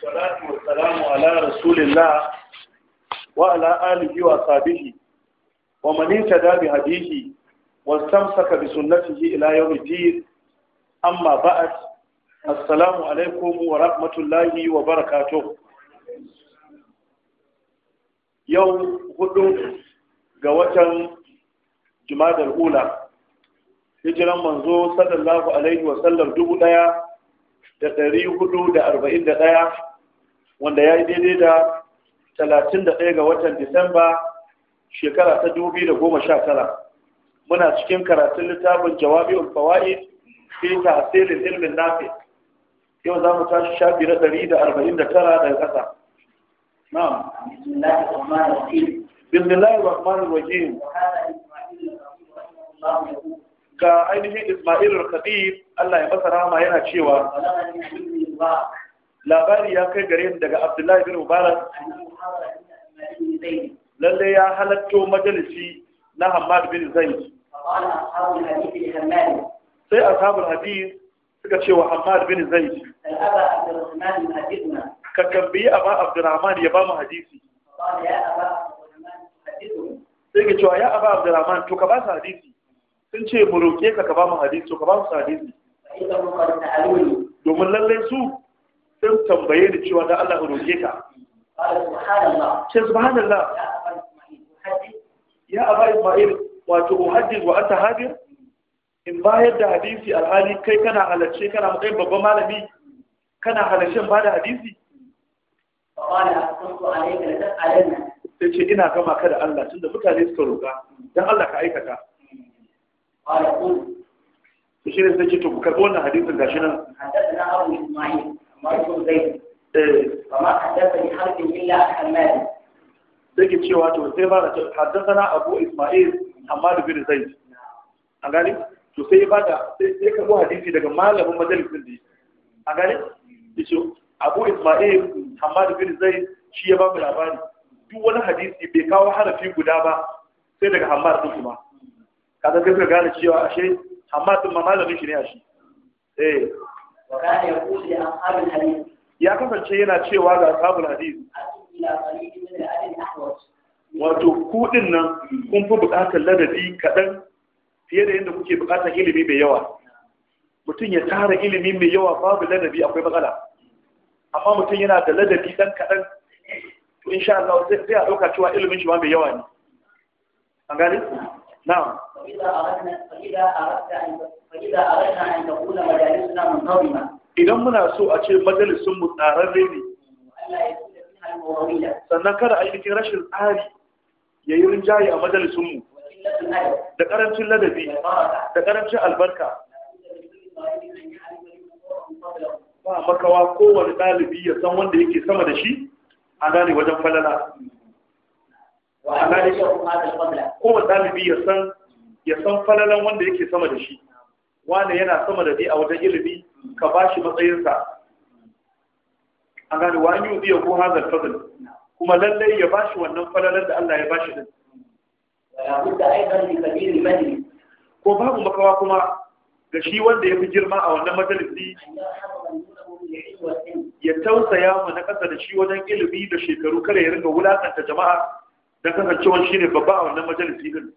salatu wa salamu ala rasulillah wa ala alihi wa sabihi wa man yata bi hadihi wa stamsaka bi sunnatihi ila yawm al-din amma ba'd assalamu alaikum wa rahmatullahi wa barakatuh yau hudu ga watan jumadal ƙula, hijiran manzo sallallahu alaihi wa sallam dubu daya da ɗari hudu da arba'in da ɗaya wanda ya yi daidai da 31 ga watan Disamba shekara ta 2019 muna cikin karatun littafin jawabi ulfawa'i fi tahsilil ilmin nafi yau za mu tashi shafi na 149 daga ƙasa na bismillahir rahmanir rahim ga ainihin isma'il al-khatib Allah ya masa rahama yana cewa labari ya kai gare daga abdullahi bin mubarak lalle ya halatto majalisi na hamad bin zaid sai ashabul hadith suka ce wa hamad bin zaid ka tambayi aba abdurrahman ya ba mu hadisi sai ka cewa ya aba abdurrahman to ka ba su hadisi sun ce mu roƙe ka ka ba mu hadisi to ka ba su hadisi domin lallai su sai su tambaye ni cewa da Allah roke ka ce subhanallah ya aba isma'il wato uhaddith wa anta hadir in bayar da hadisi alhali kai kana halarce kana matsayin babban malami kana halarcen ba da hadisi sai ce ina gama ka da Allah tunda mutane suka roƙa don Allah ka aikata to shi ne sai ce to ku karɓi wannan hadisin gashi nan Marko Zaid. Kama eh, haddasani harbin illa Hamad. Dake cewa to sai ba da haddasana Abu Ismail Hamad bin Zaid. A gani? To sai ba da sai ka hadisi daga malamin majalisin da A gani? Yace Abu Ismail Hamad bin Zaid shi ya ba mu labari. Duk wani hadisi bai kawo harafi guda ba sai daga Hamad din kuma. Kaga kai ka gane cewa ashe Hamad din ma malamin shi ne ashe. Eh, ya kasance yana cewa ga ashabul hadis wato kudin nan kun fi bukatar ladabi kaɗan fiye da yadda kuke bukatar ilimi mai yawa mutum ya tara ilimi mai yawa babu ladabi akwai matsala amma mutum yana da ladabi ɗan kaɗan to insha Allah zai a ɗauka cewa ilimin shi ma mai yawa ne an gane نعم فإذا أردنا فإذا أردنا أن فإذا أردنا أن تكون مجالسنا منظمة إذا منا سوء أشياء مجلس متعرضي sannan kada a yi bikin rashin tsari ya yi jayi a majalisunmu da ƙarancin ladabi da ƙarancin albarka ba makawa kowane ɗalibi ya san wanda yake sama da shi a gane wajen falala wa amma da shi kuma da qabla kowa dalibi ya san ya san falalan wanda yake sama da shi wanda yana sama da ni a wajen ilimi ka bashi matsayinsa an gane wa an yi biya ko hazal fadl kuma lallai ya bashi wannan falalan da Allah ya bashi din ko babu makawa kuma ga shi wanda ya fi girma a wannan majalisi ya tausaya mu na ƙasa da shi wajen ilimi da shekaru kada ya ringa wulakanta jama'a dan shi shine babba a wannan majalisi din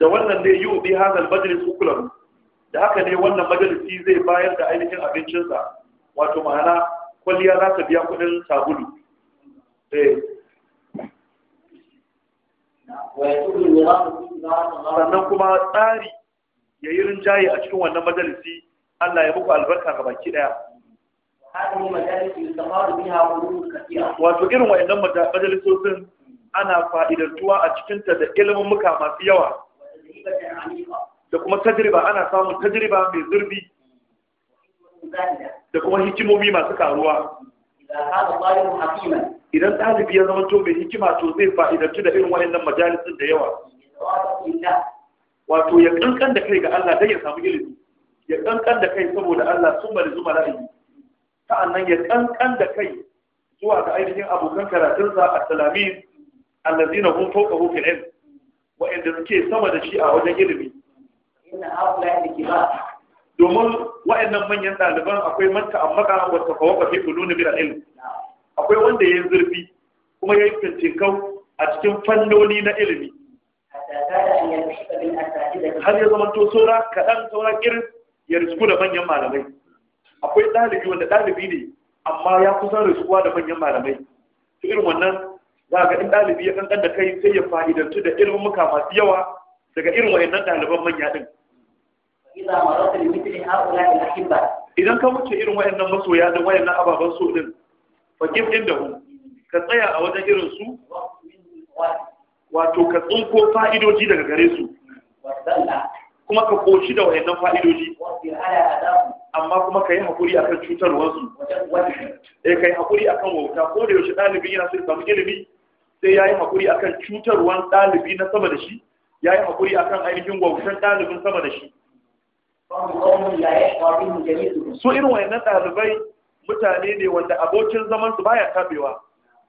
da wannan ne yi ubi hazal majalis ukulam da haka ne wannan majalisi zai bayar da ainihin abincinsa wato ma'ana kwalliya za ta biya kudin sabulu eh. sannan kuma tsari ya yi rinjaye a cikin wannan majalisi allah ya muku albarka ga baki daya wato irin wa'annan majalisosin ana fa'idantuwa a cikinta da ilimin muka masu yawa da kuma tajriba ana samun tajriba mai zurbi da kuma hikimomi masu karuwa idan ɗalibi ya zama to mai hikima to zai fa'idantu da irin wa'annan majalisun da yawa wato ya kankan da kai ga Allah don ya samu ilimi ya kankan da kai saboda Allah sun bari zuma ra'ayi nan ya kankan da kai zuwa ga ainihin abokan karatunsa a salamin allazina hum hun fil ilm ɗin inda suke sama da shi a wajen ilimi domin wa'annan manyan ɗaliban akwai manta ammaka wa tafawaka fi na bil ilimi. akwai wanda ya yi zurfi kuma ya yi fincinkau a cikin fannoni na ilimi har ya zama to saura kaɗan saura irin ya risku da manyan malamai akwai ɗalibi wanda ɗalibi ne amma ya kusan rasuwa da manyan malamai to irin wannan za ga in ɗalibi ya kankan da kai sai ya fa'idantu da irin muka masu yawa daga irin wayannan ɗaliban manya ɗin. idan ka wuce irin wayannan masoya da wayannan ababen so din fakif ɗin da ka tsaya a wajen irin su wato ka tsinko fa'idoji daga gare su kuma ka koshi da wayannan fa'idoji amma kuma ka yi haƙuri akan cutarwarsu eh ka yi haƙuri akan wauta ko da yaushe ɗalibi yana so samu ilimi sai ya yi haƙuri akan cutarwar ɗalibi na sama da shi ya yi haƙuri akan ainihin wautan ɗalibin sama da shi su irin wayannan ɗalibai mutane ne wanda abokin zamansu su baya tabewa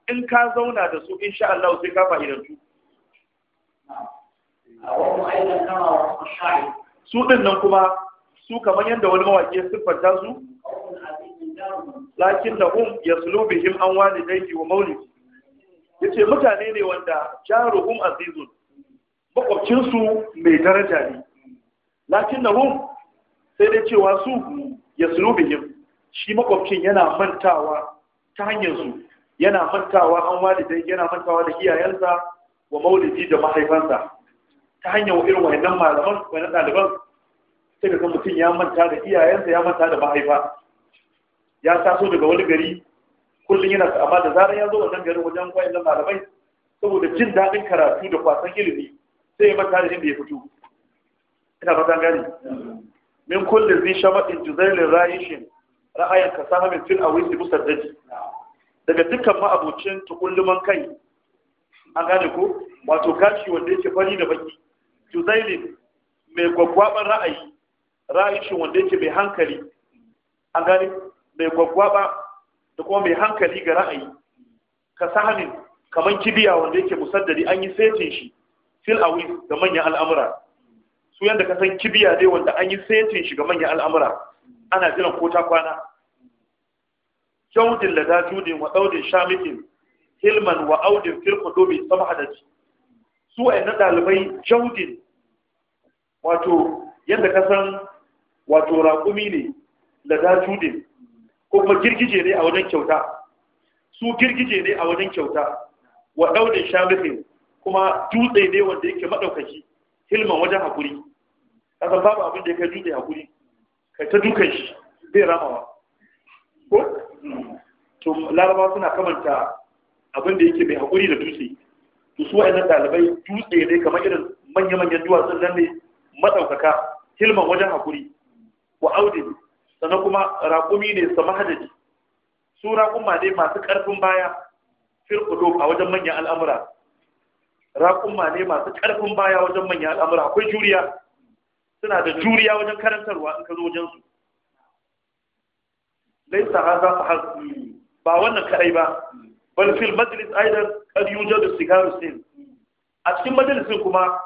in ka zauna da su insha Allah sai ka fa'idantu su ɗin nan kuma su kamar yadda wani mawaƙi ya siffanta su lakin da hum ya bihim an wani daiki wa maulid ya ce mutane ne wanda jaruhum azizun makwabcinsu mai daraja ne lakin da hum sai dai cewa su ya bihim shi makwabcin yana mantawa ta hanyar su yana mantawa an walidai yana mantawa da iyayensa wa maulidi da mahaifansa ta hanyar irin wa'annan malaman wa'annan ɗaliban sai ka mutum ya manta da iyayensa ya manta da mahaifa ya taso daga wani gari kullum yana amma da zarar ya zo wannan gari wajen wayannan malamai saboda jin daɗin karatu da kwasan ilimi sai ya manta da inda ya fito ina fatan gani min kullum zai shamaɗin juzailin rayishin ra'ayin ka sahamin fil a wisi busar daji daga dukkan ma'abocin tukulluman kai an gane ko wato kashi wanda yake fari da baki juzailin mai gwaggwaban ra'ayi ra'ayin wanda yake mai hankali an gani mai ba, da kuma mai hankali ga ra'ayi ka sahanin kamar kibiya wanda yake musaddadi an yi setin shi fil awis ga manyan al'amura su yadda ka san kibiya dai wanda an yi setin shi ga manyan al'amura ana jiran ko ta kwana jaudin da judin wa daudin shamikin hilman wa audin fil qudubi samhadati su ayyana dalibai jaudin wato yadda ka san wato raƙumi ne da za ne ko kuma girgije ne a wajen kyauta su girgije ne a wajen kyauta wa ɗaunin shamihin kuma dutse ne wanda yake maɗaukaki hilman wajen haƙuri kasan babu abin da ya kai dutse haƙuri kai ta dukan shi Zai ramawa ko to laraba suna kamanta abin da yake mai haƙuri da dutse to su wa'annan ɗalibai dutse ne kamar irin manya-manyan duwatsun nan ne maɗaukaka hilman wajen haƙuri wa audi sannan kuma raƙumi ne samahadadi su raƙuma ne masu ƙarfin baya firkudu a wajen manyan al'amura raƙuma ne masu ƙarfin baya wajen manyan al'amura akwai juriya suna da juriya wajen karantarwa in ka zo wajen su laisa su fa ba wannan kaɗai ba bal fil majlis aidan qad yujadu sigaru sin a cikin majalisin kuma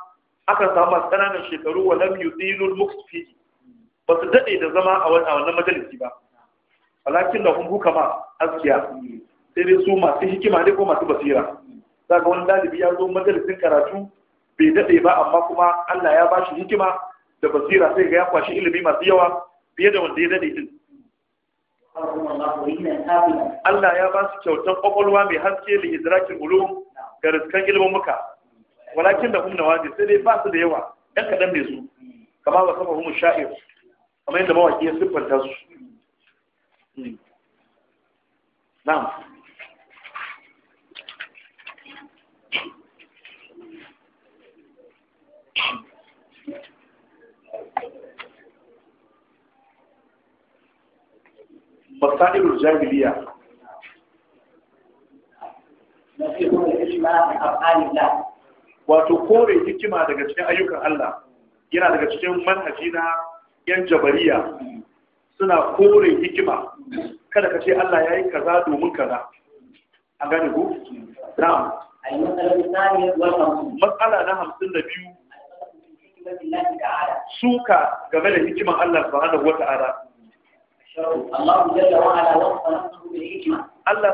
aka samu masu ƙananan shekaru wa lam yudilu al ba su daɗe da zama a wannan majalisi ba alakin da kun kama askiya sai dai su masu hikima ne ko masu basira za ga wani ɗalibi ya zo majalisin karatu bai daɗe ba amma kuma Allah ya ba shi hikima da basira sai ga ya kwashi ilimi masu yawa fiye da wanda ya daɗe din Allah ya ba su kyautar kwakwalwa mai haske da idrakin ulum ga riskan ilimin muka walakin da hum waje sai dai ba su da yawa ɗan kaɗan da su kama wa sama hum sha'ir kamar yadda mawaki ya siffanta su wato kore hikima daga cikin ayyukan Allah yana daga cikin manhaji na yan jabariya suna kore hikima kada ka ce Allah ya yi kaza domin kaza A gani ku na'am matsala na hamsin da biyu suka game da hikiman Allah subhanahu wa ta'ala Allah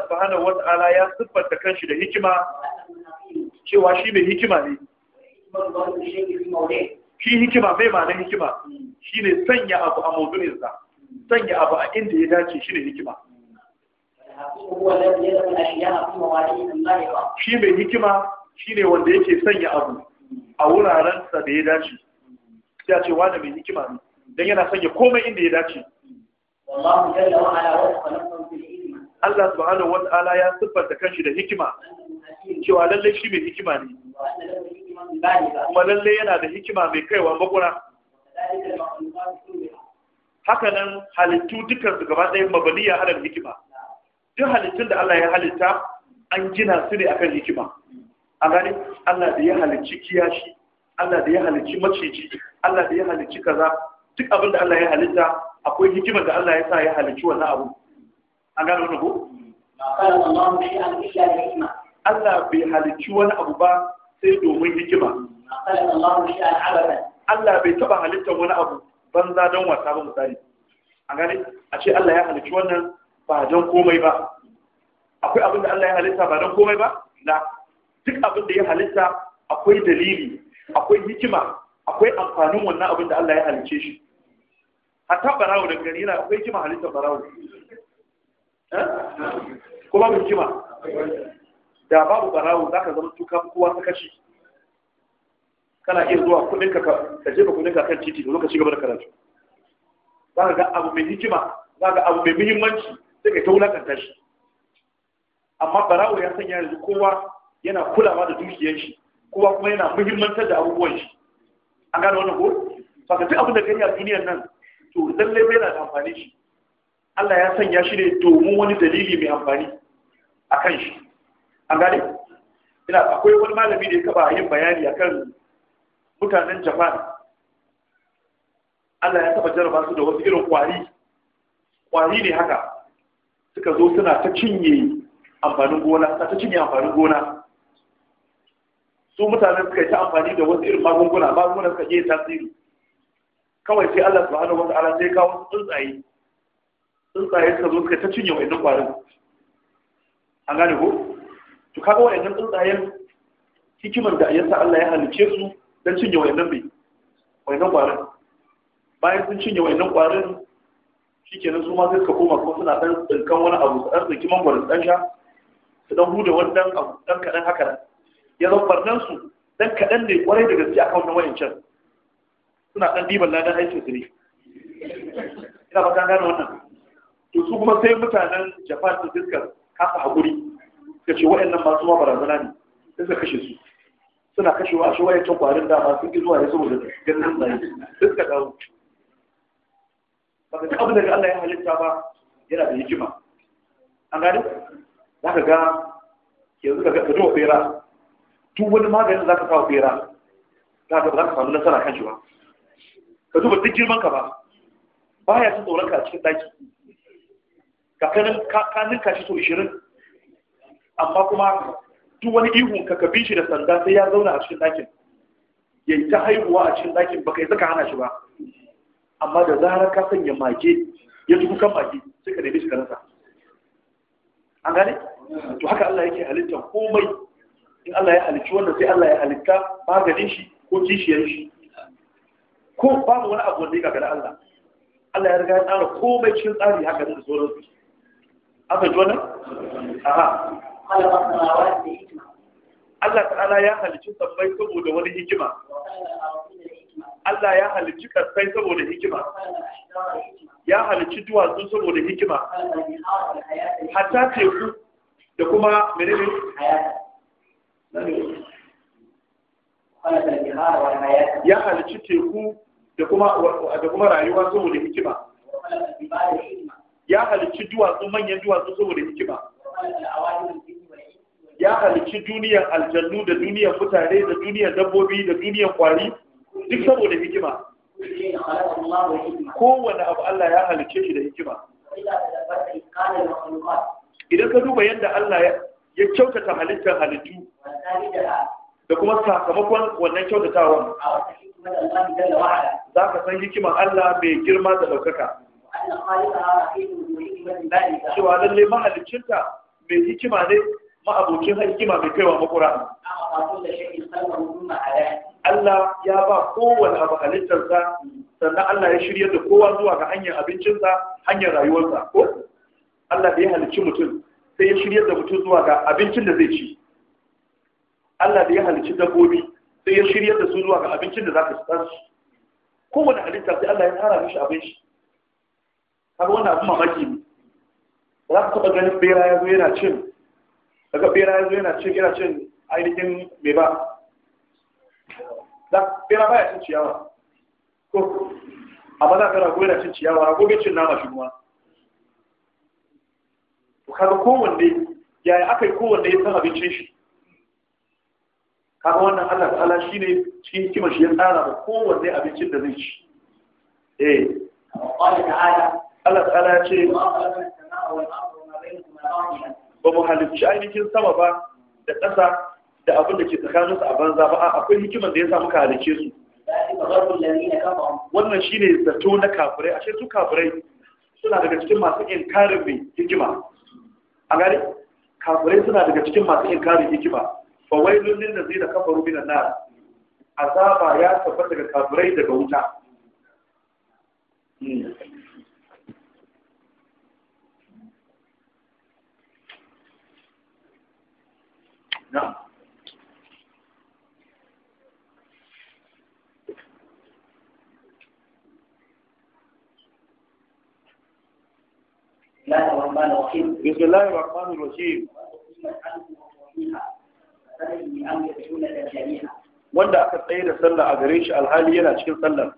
subhanahu wa ta'ala ya siffanta kanshi da hikima cewa shi mai hikima ne shi hikima bai ma na hikima hmm. shine sanya abu a mawdu'insa sanya abu a inda ya dace shine hikima shi mai hikima shi ne wanda yake sanya abu a wurarensa da ya dace ya ce wani mai hikima ne don yana sanya komai inda ya dace Allah subhanahu wa ta'ala ya siffanta kanshi da hikima cewa lallai shi mai hikima ne kuma lallai yana da hikima mai kaiwa makura haka nan halittu dukkan su gaba ɗaya mabaniya halar hikima duk halittun da Allah ya halitta an gina su ne akan hikima a gani Allah da ya halicci kiyashi Allah da ya halicci maciji Allah da ya halicci kaza duk abin da Allah ya halitta akwai hikima da Allah ya sa ya halicci wannan abu an gane wani ko Allah bai halicci wani abu ba sai domin hikima Allah bai taba halittar wani abu banza don wasa ba misali a gane a ce Allah ya halicci wannan ba don komai ba akwai abin da Allah ya halitta ba don komai ba na duk abin da ya halitta akwai dalili akwai hikima akwai amfanin wannan abin da Allah ya halicce shi hatta barawo da gari yana akwai hikima halittar barawo eh? Kuma babu hikima da babu barawo zaka zama tuka kowa ta kashi kana iya zuwa kudin ka ka jefa kudin ka kan titi da lokaci gaba da karatu za ka ga abu mai hikima za ka abu mai muhimmanci sai ka ta wulakanta shi amma barawo ya sanya yanzu kowa yana kulawa da dukiyar shi kowa kuma yana muhimmantar da abubuwan shi an gane wannan ko saka duk abin da kai a duniyar nan to lalle bai na amfani shi Allah ya sanya shi ne domin wani dalili mai amfani a kan shi an gane ina akwai wani malami da ya kaba yin bayani akan mutanen japan allah ya taɓa jaraba su da wasu irin ƙwari ƙwari ne haka suka zo suna ta cinye amfanin gona suna ta cinye amfanin gona su mutanen suka yi ta amfani da wasu irin magunguna magunguna suka yi tasiri kawai sai allah su hannu wasu alasai kawo tsuntsaye tsuntsaye suka zo suka ta cinye wa'annan kwarin. an gane ko to kaga wa'annan tsuntsayen hikimar da yasa Allah ya halice su don cinye wayannan bai wayannan kwarin bayan sun cinye wayannan kwarin shikenan su ma sai suka koma kuma suna dan tsinkan wani abu su dan tsinki mangwaro su dan sha su dan huda wani dan abu dan kaɗan haka nan ya zan barnan su dan kaɗan ne kwarai da gaske akan wannan wayancan suna dan diban ladan aikin su ne ina ba kan gane wannan to su kuma sai mutanen Japan su suka kasa hakuri suka ce wayannan masu ma barazana ne sai suka kashe su suna kashewa shi waye ta kwarin dama sun ki zuwa ne saboda ganin da suka dawo baka abin da Allah ya halitta ba yana da hikima an gani za ka ga yanzu ka ga ka jiwa bera duk wani maganin za ka sa bera za ka samu nasara kan shi ba ka duba duk girman ka ba baya ta tsoron ka a cikin daki ka kanin ka shi to 20 amma kuma duk wani ihun ka ka bishi shi da sanda sai ya zauna a cikin ɗakin ya yi ta haihuwa a cikin ɗakin baka yi saka hana shi ba amma da zarar ka sanya mage ya tuku kan mage sai ka nemi shi ka rasa an gane to haka Allah yake halitta komai in Allah ya halicci wanda sai Allah ya halitta maganin shi ko kishiyar shi ko babu wani abu wanda ya gagara Allah Allah ya riga ya tsara komai cikin tsari haka da sauransu aka ji wannan aha Allah ta'ala ya halicci sabbai saboda wani hikima Allah ya halicci karfai saboda hikima ya halicci duwatsu saboda hikima hatta teku da kuma menene ya halicci teku da kuma rayuwa saboda hikima ya halicci duwatsu manyan duwatsu saboda hikima ya halicci duniyar aljannu da duniyar mutane da duniyar dabbobi da duniyar kwari duk saboda hikima kowane abu Allah ya halicce shi da hikima idan ka duba yadda Allah ya kyautata halittar halittu da kuma sakamakon wannan kyautatawan za ka san hikima Allah mai girma da ɗaukaka cewa lallai mahalicinta mai hikima ne ma'abokin hikima mai kaiwa makura Allah ya ba kowane abu halittarsa sannan Allah ya shirya da kowa zuwa ga hanyar abincinsa hanyar rayuwarsa ko Allah da ya halicci mutum sai ya shirya da mutum zuwa ga abincin da zai ci Allah da ya halicci dabbobi sai ya shirya da su zuwa ga abincin da za ka san su kowane halitta sai Allah ya tsara mishi abin shi kaga wannan abu mamaki ne za ka taɓa ganin bera ya zo yana cin daga bera yanzu yana cin yana cin ainihin me ba da bera baya cin ciyawa ko amma za ka rago na cin ciyawa rago bai cin nama shi kuma to kaga kowanne yaya aka yi kowanne ya san abincin shi kaga wannan Allah ta'ala ne cikin hikimar shi ya tsara ba kowanne abincin da zai ci eh Allah ta'ala ya ce ba mu halittu ainihin sama ba da ƙasa da abin da ke tsakanin su a banza ba akwai hikiman da ya samu ka halicce su wannan shine zato na kafirai ashe su kafirai suna daga cikin masu inkarin mai hikima a gari kafirai suna daga cikin masu inkarin hikima fa da lil ladzina kafaru na a azaba ya tabbata daga kafirai daga wuta hmm. نعم بسم الله الرحمن الرحيم wanda aka tsaye da sallah a gare shi alhali yana cikin sallar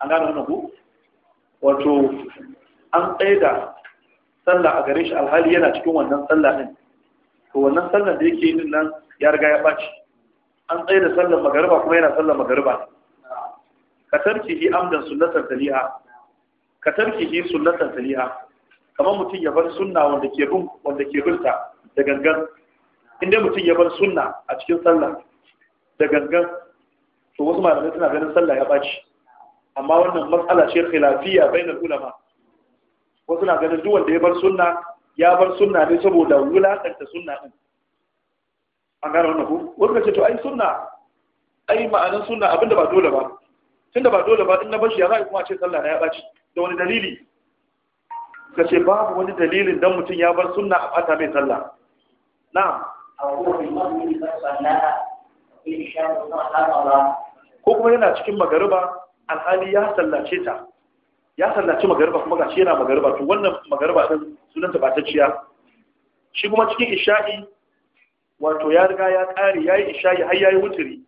an gane na ku wato an tsaye da sallah a gare shi alhali yana cikin wannan sallah din to wannan sallar da yake yin nan ya riga ya ɓaci an tsaye da sallar magariba kuma yana sallar magariba ka tarki shi amdan sunnatar taliha ka tarki shi sunnatar taliha kamar mutum ya bar sunna wanda ke bin wanda ke binta da gangan inda mutum ya bar sunna a cikin sallah da gangan to wasu malamai suna ganin sallah ya ɓaci amma wannan matsala ce khilafiya bainal ulama wasu na ganin duk wanda ya bar sunna ya bar sunna ne saboda wulakanta sunna din an gane wannan ko wanda ce to ai sunna ai ma'anin sunna abinda ba dole ba tunda ba dole ba in na bashi ya za kuma ce sallah na ya baci da wani dalili ka ce babu wani dalilin dan mutum ya bar sunna a bata mai sallah na ko kuma yana cikin magariba alhali ya sallace ta ya sallaci magariba kuma gashi yana magariba to wannan magariba din sunanta ba ta ciya shi kuma cikin isha'i wato ya riga ya kare yayi isha'i har yayi wuturi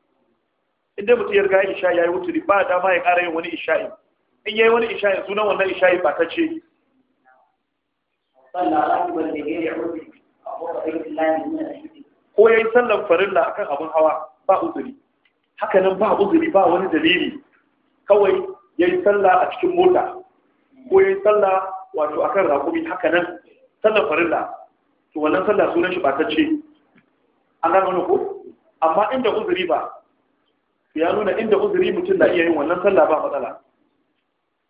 inda mutum ya riga ya isha'i yayi wuturi ba dama ya ƙara yin wani isha'i in yayi wani isha'i sunan wannan isha'i ba ta ce ko yayi sallan farilla akan abun hawa ba uzuri haka nan ba uzuri ba wani dalili kawai ya yi sallah a cikin mota koyi sallah wato akan raƙumi haka nan sallar farilla to wannan sallah sunan shi ce. an gano wani ko amma inda uzuri ba ya nuna inda uzuri mutum na iya yin wannan sallah ba matsala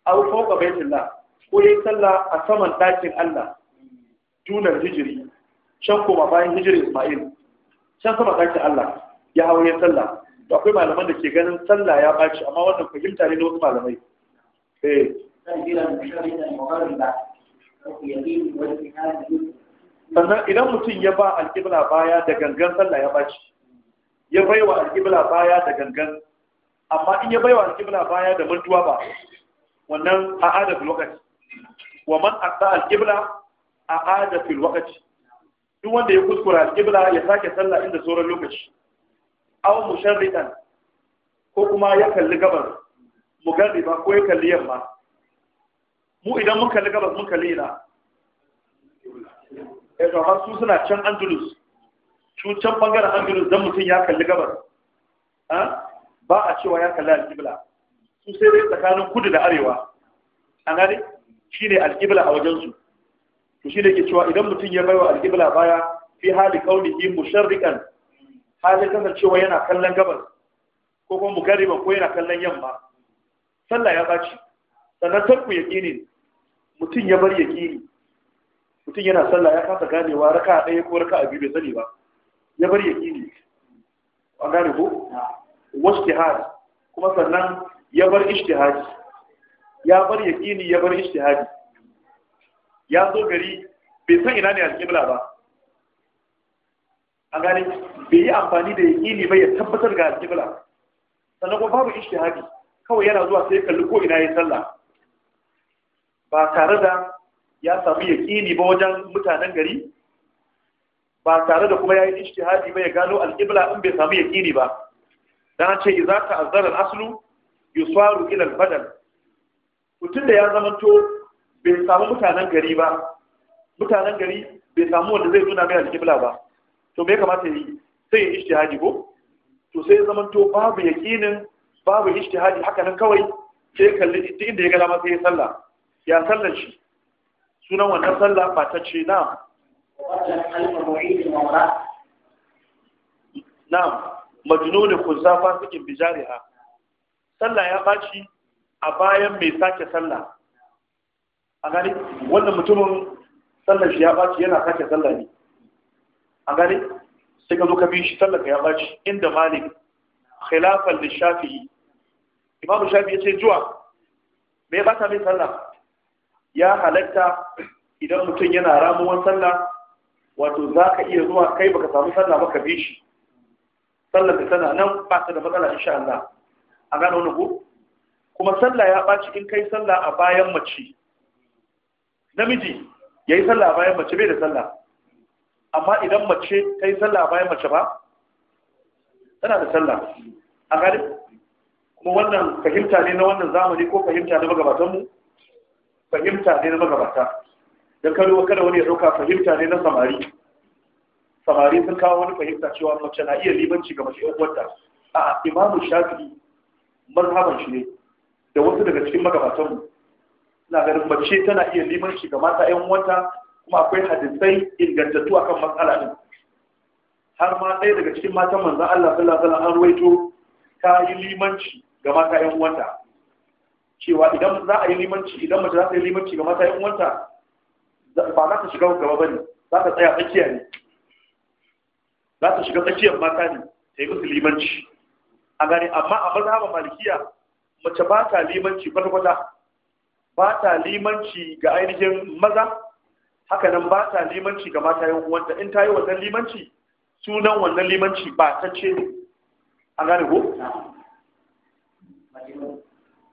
aw fawqa bai ko koyi sallah a saman ɗakin Allah dunar hijiri can koma bayan hijiri Isma'il can sama ɗakin Allah ya hau yin sallah to akwai malaman da ke ganin sallah ya ɓaci amma wannan fahimta ne na wasu malamai eh sannan idan mutum ya ba alƙibla baya da gangan sallah ya baci ya baiwa alƙibla baya da gangan amma in ya baiwa alƙibla baya da mantuwa ba wannan a adab lokaci wa man aqta alƙibla a adab lokaci duk wanda ya kuskura alƙibla ya sake sallah inda sauran lokaci aw musharridan ko kuma ya kalli gabar mugarriba ko ya kalli yamma mu idan mun kalli gabas mun kalli ina eh har su suna can Andalus su can bangaren Andalus dan mutum ya kalli gabas ba a cewa ya kalli alƙibla su sai dai tsakanin kudu da arewa an gane shine alƙibla a wajen su to shine ke cewa idan mutum ya baiwa alƙibla baya fi hali qaulihi musharriqan halin kasancewa yana kallon gabas ko kuma mugariba ko yana kallon yamma sallah ya baci sannan tarku yaqini mutum ya bar yaqini mutum yana sallah ya kasa ganewa raka a ɗaya ko raka a biyu bai sani ba ya bar yaqini an gane ko washtihad kuma sannan ya bar ishtihadi ya bar yaqini ya bar ishtihadi ya zo gari bai san ina ne alƙibla ba A gane bai yi amfani da yaƙini ba ya tabbatar ga alƙibla sannan kuma babu ishtihadi kawai yana zuwa sai kalli ko ina ya sallah ba tare da ya samu kini ba wajen mutanen gari ba tare da kuma ya yi ishtihadi ba ya gano al'ibla in bai samu yaƙini ba don ce za ka azarar aslu yuswaru ila ilal badal mutum da ya to bai samu mutanen gari ba mutanen gari bai samu wanda zai nuna mai al'ibla ba to me kamata yi sai ya ishtihadi ko to sai ya to babu yaƙinin babu ishtihadi haka nan kawai sai kalli inda ya gada dama sai ya sallah ya sallar shi sunan wannan sallah Na na'am na'am majnun kuzafa cikin ha sallah ya baci a bayan mai sake sallah a gani wannan mutumin sallar shi ya baci yana sake sallah ne a gani sai ka zo ka bi shi sallar ya baci inda malik khilafan lishafi'i imamu shafi ya ce zuwa me ya bata mai sallah ya halatta idan mutum yana ramuwan sallah wato za ka iya zuwa kai baka samu sallah ba ka bi shi sallar da tana nan ba ta da matsala insha Allah a gane wani ko kuma sallah ya ɓaci in kai sallah a bayan mace namiji ya yi sallah a bayan mace bai da sallah amma idan mace ta yi sallah a bayan mace ba tana da sallah a gane kuma wannan fahimta ne na wannan zamani ko fahimta na magabatanmu fahimta ne na magabata da kano kada wani ya ɗauka fahimta ne na samari samari sun kawo wani fahimta cewa mace na iya limanci ga mace uwarta a imamu shafi mazhaban shi ne da wasu daga cikin magabatanmu na ganin mace tana iya limanci ga mata 'yan uwanta kuma akwai hadisai ingantattu akan matsala din har ma ɗaya daga cikin matan manzan Allah sallallahu alaihi wasallam an ruwaito ta yi limanci ga mata ƴan uwanta cewa idan za a yi limanci idan mace za ta yi limanci ga mata yan wanta, ba za ta shiga gaba ba ne za ta tsaya tsakiya ne za ta shiga tsakiyar mata ne ta yi musu limanci a gane amma a maza ba malikiya mace ba ta limanci kwata-kwata ba ta limanci ga ainihin maza hakanan ba ta limanci ga mata yan wanta. in ta yi wannan limanci sunan wannan limanci ba ta ce a gane ko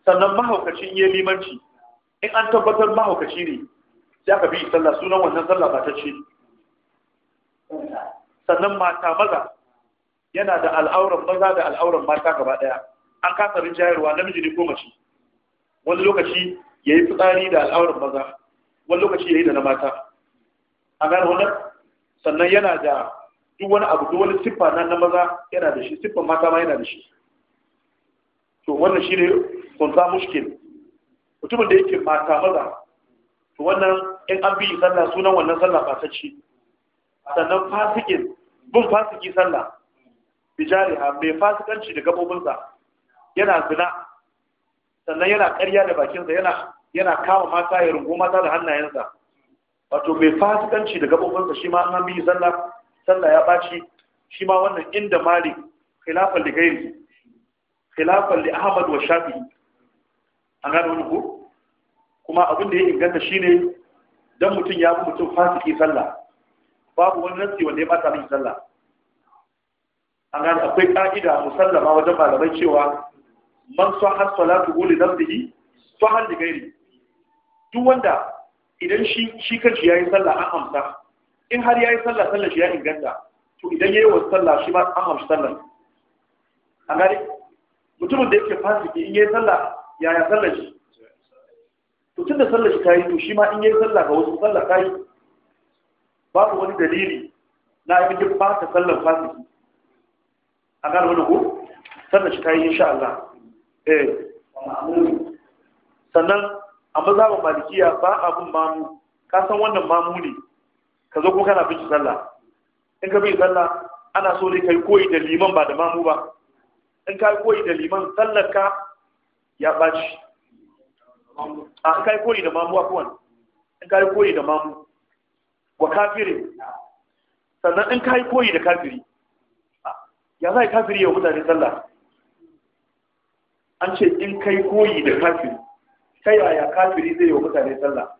sannan mahaukacin ya limanci in an tabbatar mahaukaci ne sai aka bi sallah sunan wannan sallah ba ta ce sannan mata maza yana da al'auran maza da al'auran mata gaba daya an kasa jayarwa namiji ne ko mace wani lokaci ya yi fitsari da al'auran maza wani lokaci ya yi da na mata a gane wannan sannan yana da duk wani abu duk wani siffa na maza yana da shi siffan mata ma yana da shi to wannan shi ne kunza mushkil mutumin da yake mata maza to wannan in an bi sallah sunan wannan sallah fatacci sannan fasikin bin fasiki sallah bijariha mai fasikanci da gabobinsa yana zina sannan yana ƙarya da bakinsa yana yana kama mata ya rungu mata da hannayensa wato mai fasikanci da gabobinsa shi ma an bi sallah sallah ya ɓaci shi ma wannan inda malik khilafan da gairi khilafan da ahmad wa shafi'i an gane wani ko kuma abin da ya inganta shine dan mutum ya bi mutum fasiki sallah babu wani nasi wanda ya bata mai sallah an gane akwai ka'ida musallama wajen malamai cewa man sahha salatu li nafsihi sahha da gairi duk wanda idan shi shi kanshi yayi sallah an amsa in har yayi sallah sallah shi ya inganta to idan yayi wa sallah shi ma an amsa sallah an gane mutumin da yake fasiki in yayi sallah yaya sallar shi to tun da sallar shi ta yi to shi ma in yi sallah ga wasu sallar ta yi babu wani dalili na ainihin ba ta sallar fasiki a gane wani ko sallar shi ta yi insha Allah eh sannan amma za mazhabin malikiya ba abun mamu ka san wannan mamu ne ka zo kuma kana bin sallah in ka bin sallah ana so ne kai koyi da liman ba da mamu ba in ka koyi da liman sallar ka ya ɓaci a kai koyi da mamu a kowane in kai koyi da mamu wa kafiri sannan in kai koyi da kafiri ya za kafiri yau mutane sallah an ce in kai koyi da kafiri ta yaya kafiri zai yau mutane sallah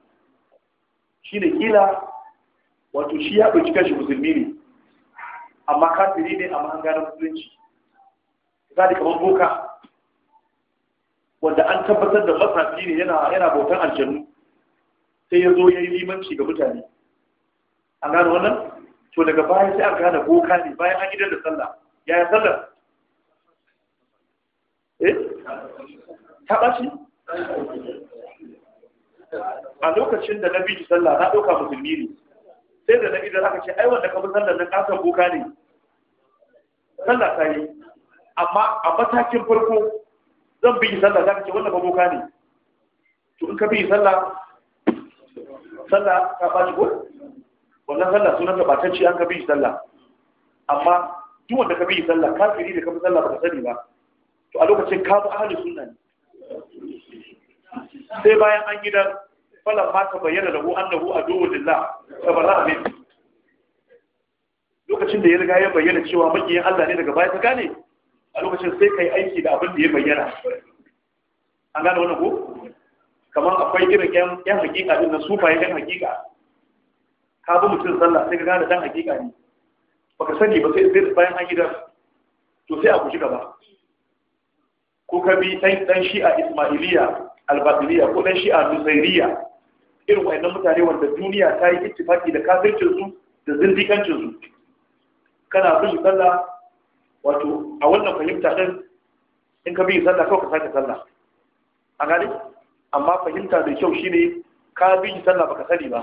shi ne kila wato shi ya ɗauki kashi musulmi ne amma kafiri ne amma an gane musulunci za da kamar boka wanda an tabbatar da matsafi ne yana yana bautan aljanu sai ya zo ya yi limanci ga mutane an gano wannan to daga baya sai an gane boka ne bayan an gidan da sallah yaya sallah eh taɓa shi. a lokacin da na bi sallah na ɗauka musulmi ne sai da na idan aka ce ai wanda ka bi sallah na ƙasa boka ne sallah ta yi amma a matakin farko zan bi sallah za ka ce wannan baboka ne to in ka bi sallah sallah ka ba ko wannan sallah sunan ka ce an ka bi sallah amma duk wanda ka bi sallah kafiri da ka bi sallah ba ka sani ba to a lokacin ka bi ahli sunna ne sai bayan an gida falan ma ta bayyana lahu annahu aduwwu lillah fa ba min lokacin da ya riga ya bayyana cewa makiyin Allah ne daga baya ka gane a lokacin sai yi aiki da abin da ya bayyana an gane wani ko kamar akwai irin yan hakika din na sufa yan hakika ka bi mutum sallah sai ka gane dan hakika ne baka sani ba sai sai bayan an gidan to sai a guji gaba ko ka bi dan shi'a ismailiya albabiliya ko dan shi'a nusairiya irin wayannan mutane wanda duniya ta yi ittifaki da kafircinsu da zindiƙancin su kana bin sallah wato a wannan fahimta ɗin in ka bi sallah kawai ka sake sallah a gani amma fahimta mai kyau shine ka bi sallah baka sani ba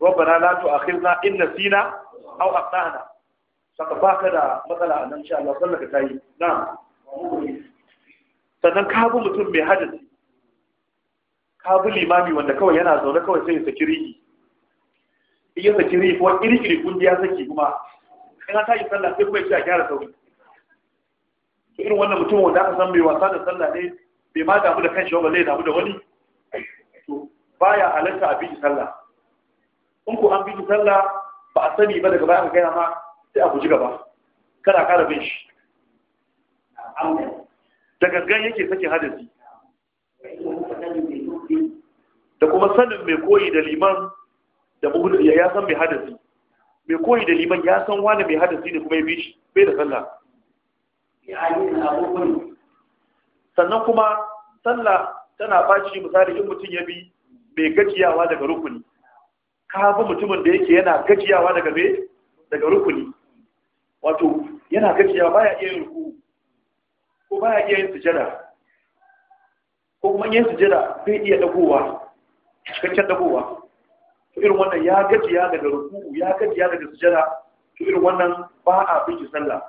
rabbana la tu'akhirna in nasina aw akhtana saka baka da matsala a nan insha Allah sallah ka tayi na'am sannan ka bi mutum mai hadisi ka bu limami wanda kawai yana zaune kawai sai ya saki rihi in ya saki rihi ko iri iri kungiya saki kuma in an tashi sallah sai kuma ya ce a gyara sauri to irin wannan mutum wanda aka san mai wasa da sallah ne bai ma damu da kanshi ba zai damu da wani to ya halarta a biki sallah in ko an biki sallah ba a sani ba daga baya aka gaya ma sai a guji gaba kada kara bin shi da gangan yake sakin hadasi da kuma sanin mai koyi da liman da ya san mai hadasi mai koyi da liman ya san wani mai hadasi ne kuma ya bishi shi bai da sallah sannan kuma sallah tana baci misali in mutum ya bi mai gajiyawa daga rukuni ka bi mutumin da yake yana gajiyawa daga me daga rukuni wato yana gajiyawa baya iya yin ruku ko baya iya yin sujada ko kuma yin sujada bai iya dagowa cikakken dagowa irin wannan ya gajiya daga ruku'u ya gajiya daga sujada to irin wannan ba a biki sallah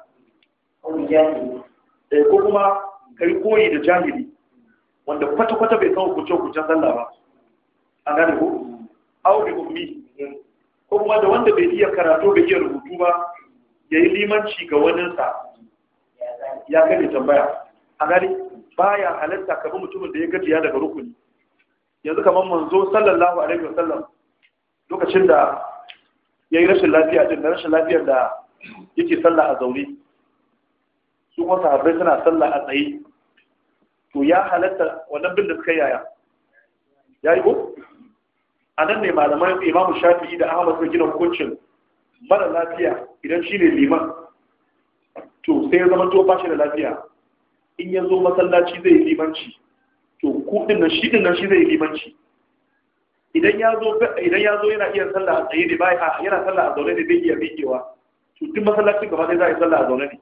eh ko kuma kai koyi da jahili wanda kwata kwata bai kawo kuce kuce sallah ba a gane ko au bi ummi ko kuma da wanda bai iya karatu bai iya rubutu ba yayi limanci ga sa ya kai tambaya a gane baya halatta kamar mutumin da ya gajiya daga rukuni yanzu kamar manzo sallallahu alaihi wasallam lokacin da ya yi rashin lafiya din da rashin lafiyar da yake sallah a zaune su kuma sahabbai suna sallah a tsaye to ya halatta wannan bin da suka yaya ya yi ko a nan ne malaman imamu shafi'i da ahmad suka gina hukuncin mara lafiya idan shi ne liman to sai ya zama to ba shi da lafiya in ya zo masallaci zai yi limanci to ku din nan shi din nan shi zai yi limanci idan ya zo idan ya zo yana iya sallah a tsaye ne bai yana sallah a zaune ne bai iya miƙewa to duk masallacin gaba ɗaya za a yi sallah a zaune ne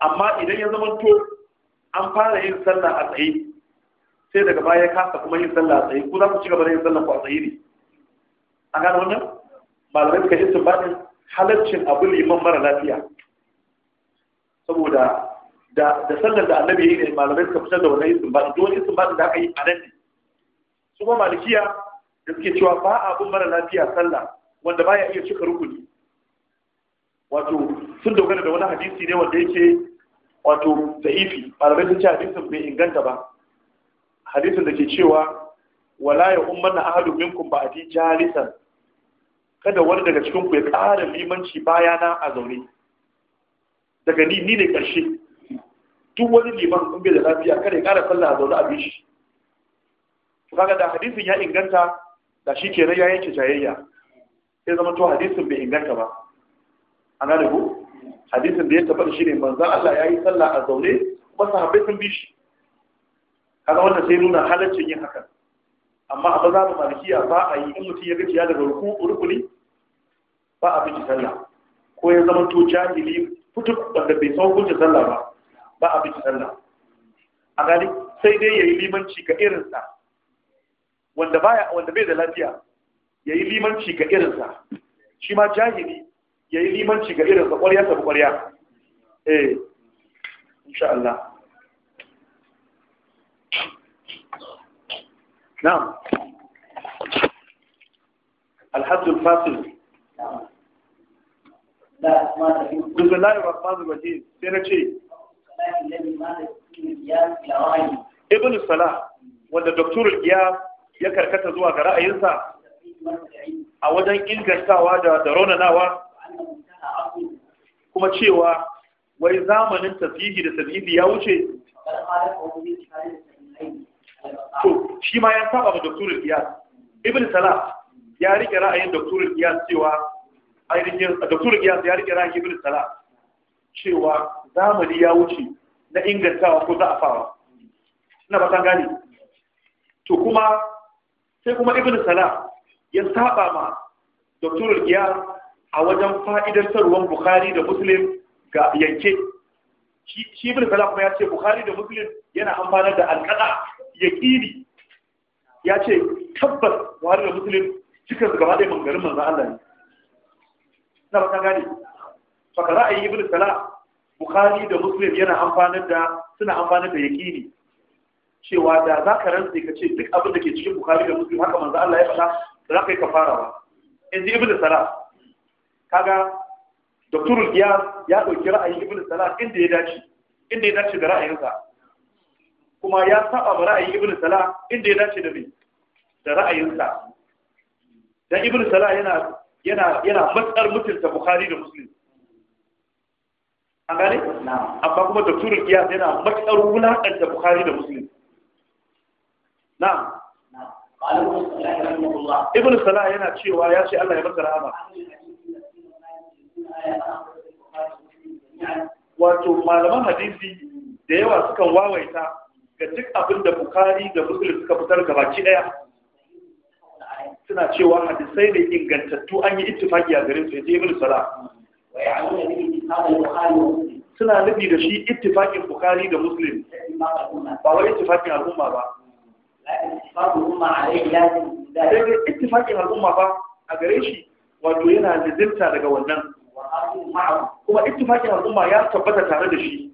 amma idan ya zama to an fara yin sallah a tsaye sai daga baya ya kasa kuma yin sallah a tsaye ko za ku ci gaba da yin sallah ku a tsaye ne a gane wannan malamai suka yi sun baɗi halaccin abu liman mara lafiya saboda da sallar da annabi ya yi malamai suka fitar da wannan yin sun ba don yin sun da aka yi a nan ne su malakiya malikiya da suke cewa ba a bin mara lafiya sallah wanda baya iya cika rukuni wato sun dogara da wani hadisi ne wanda yake wato da'ifi ba da ce hadisin bai inganta ba hadisin da ke cewa wala ya ummanna ahadu minkum ba'di jalisan kada wani daga cikin ku ya ƙara limanci bayana a zaune daga ni ne ƙarshe duk wani liman kun bai da lafiya kada ya ƙara sallah a zaune a bishi kaga da hadisin ya inganta da shi ke ya yanke jayayya sai zama to hadisin bai inganta ba A gane ku hadisin da ya shi shine manzon Allah ya yi sallah a zaune kuma sahabbai sun bi shi kaga wannan sai nuna halaccin yin hakan amma a baza da malikiya ba a yi in mutum ya gaci ya daga ruku rukuni ba a bi sallah ko ya zama to jahili fitu wanda bai san hukuncin sallah ba ba a bi sallah a gani sai dai ya yi limanci ga irinsa wanda baya wanda bai da lafiya yayi limanci ga irinsa shi ma jahili yayi limanci ga irinsa ƙwarya ta ƙwarya eh insha Allah na'am الحد الفاصل بسم الله الرحمن الرحيم سنتي ابن الصلاح ولا دكتور ya karkata zuwa ga ra'ayinsa a wajen ingantawa da ronanawa. kuma cewa wai zamanin tasbihi da tasbihi ya wuce to shi ma ya saba ma doktorul iyas ibn salah ya rike ra'ayin doktorul iyas cewa ainihin doktorul qiyas ya rike ra'ayin ibn salah cewa zamani ya wuce na ingantawa ko za'afawa ina ba gane to kuma sai kuma ibn salam ya saba ma Doktor giya a wajen sarwan bukhari da muslim ga yanke shi ibn salam kuma ya ce bukhari da muslim yana amfanar da alƙada ya ƙiri ya ce tabbas bukhari da muslim cikin su gaba ɗaya mangarin manzan Allah ne na ba ta gane faka ra'ayi ibn salam bukhari da muslim yana amfanar da suna amfanar da yaƙini cewa da za ka rantse ka ce duk abin da ke cikin bukari da muslim haka manzo Allah ya faɗa da za ka yi kafara ba in ji ibnu sala kaga doktor ya ya dauki ra'ayin ibnu sala inda ya dace inda ya dace da ra'ayinsa kuma ya saba ba ra'ayin ibnu sala inda ya dace da me da ra'ayinsa dan ibnu sala yana yana yana matsar mutunta bukari da muslim an gane amma kuma doktorul qiyas yana matsar wulakanta bukhari da muslim ibn Sala yana cewa ya ce Allah ya masa rahama wato malaman hadisi da yawa sukan wawaita ga duk abin da bukari da muslim suka fitar gabaki daya suna cewa hadisai ne ingantattu an yi ittifaki a garin sai ibn Sala. suna nufi da shi ittifakin bukari da muslim ba wai ittifakin al'umma ba ittifaqul umma alayhi lazim al'umma ba a gare shi wato yana da daga wannan kuma ittifaqin al'umma ya tabbata tare da shi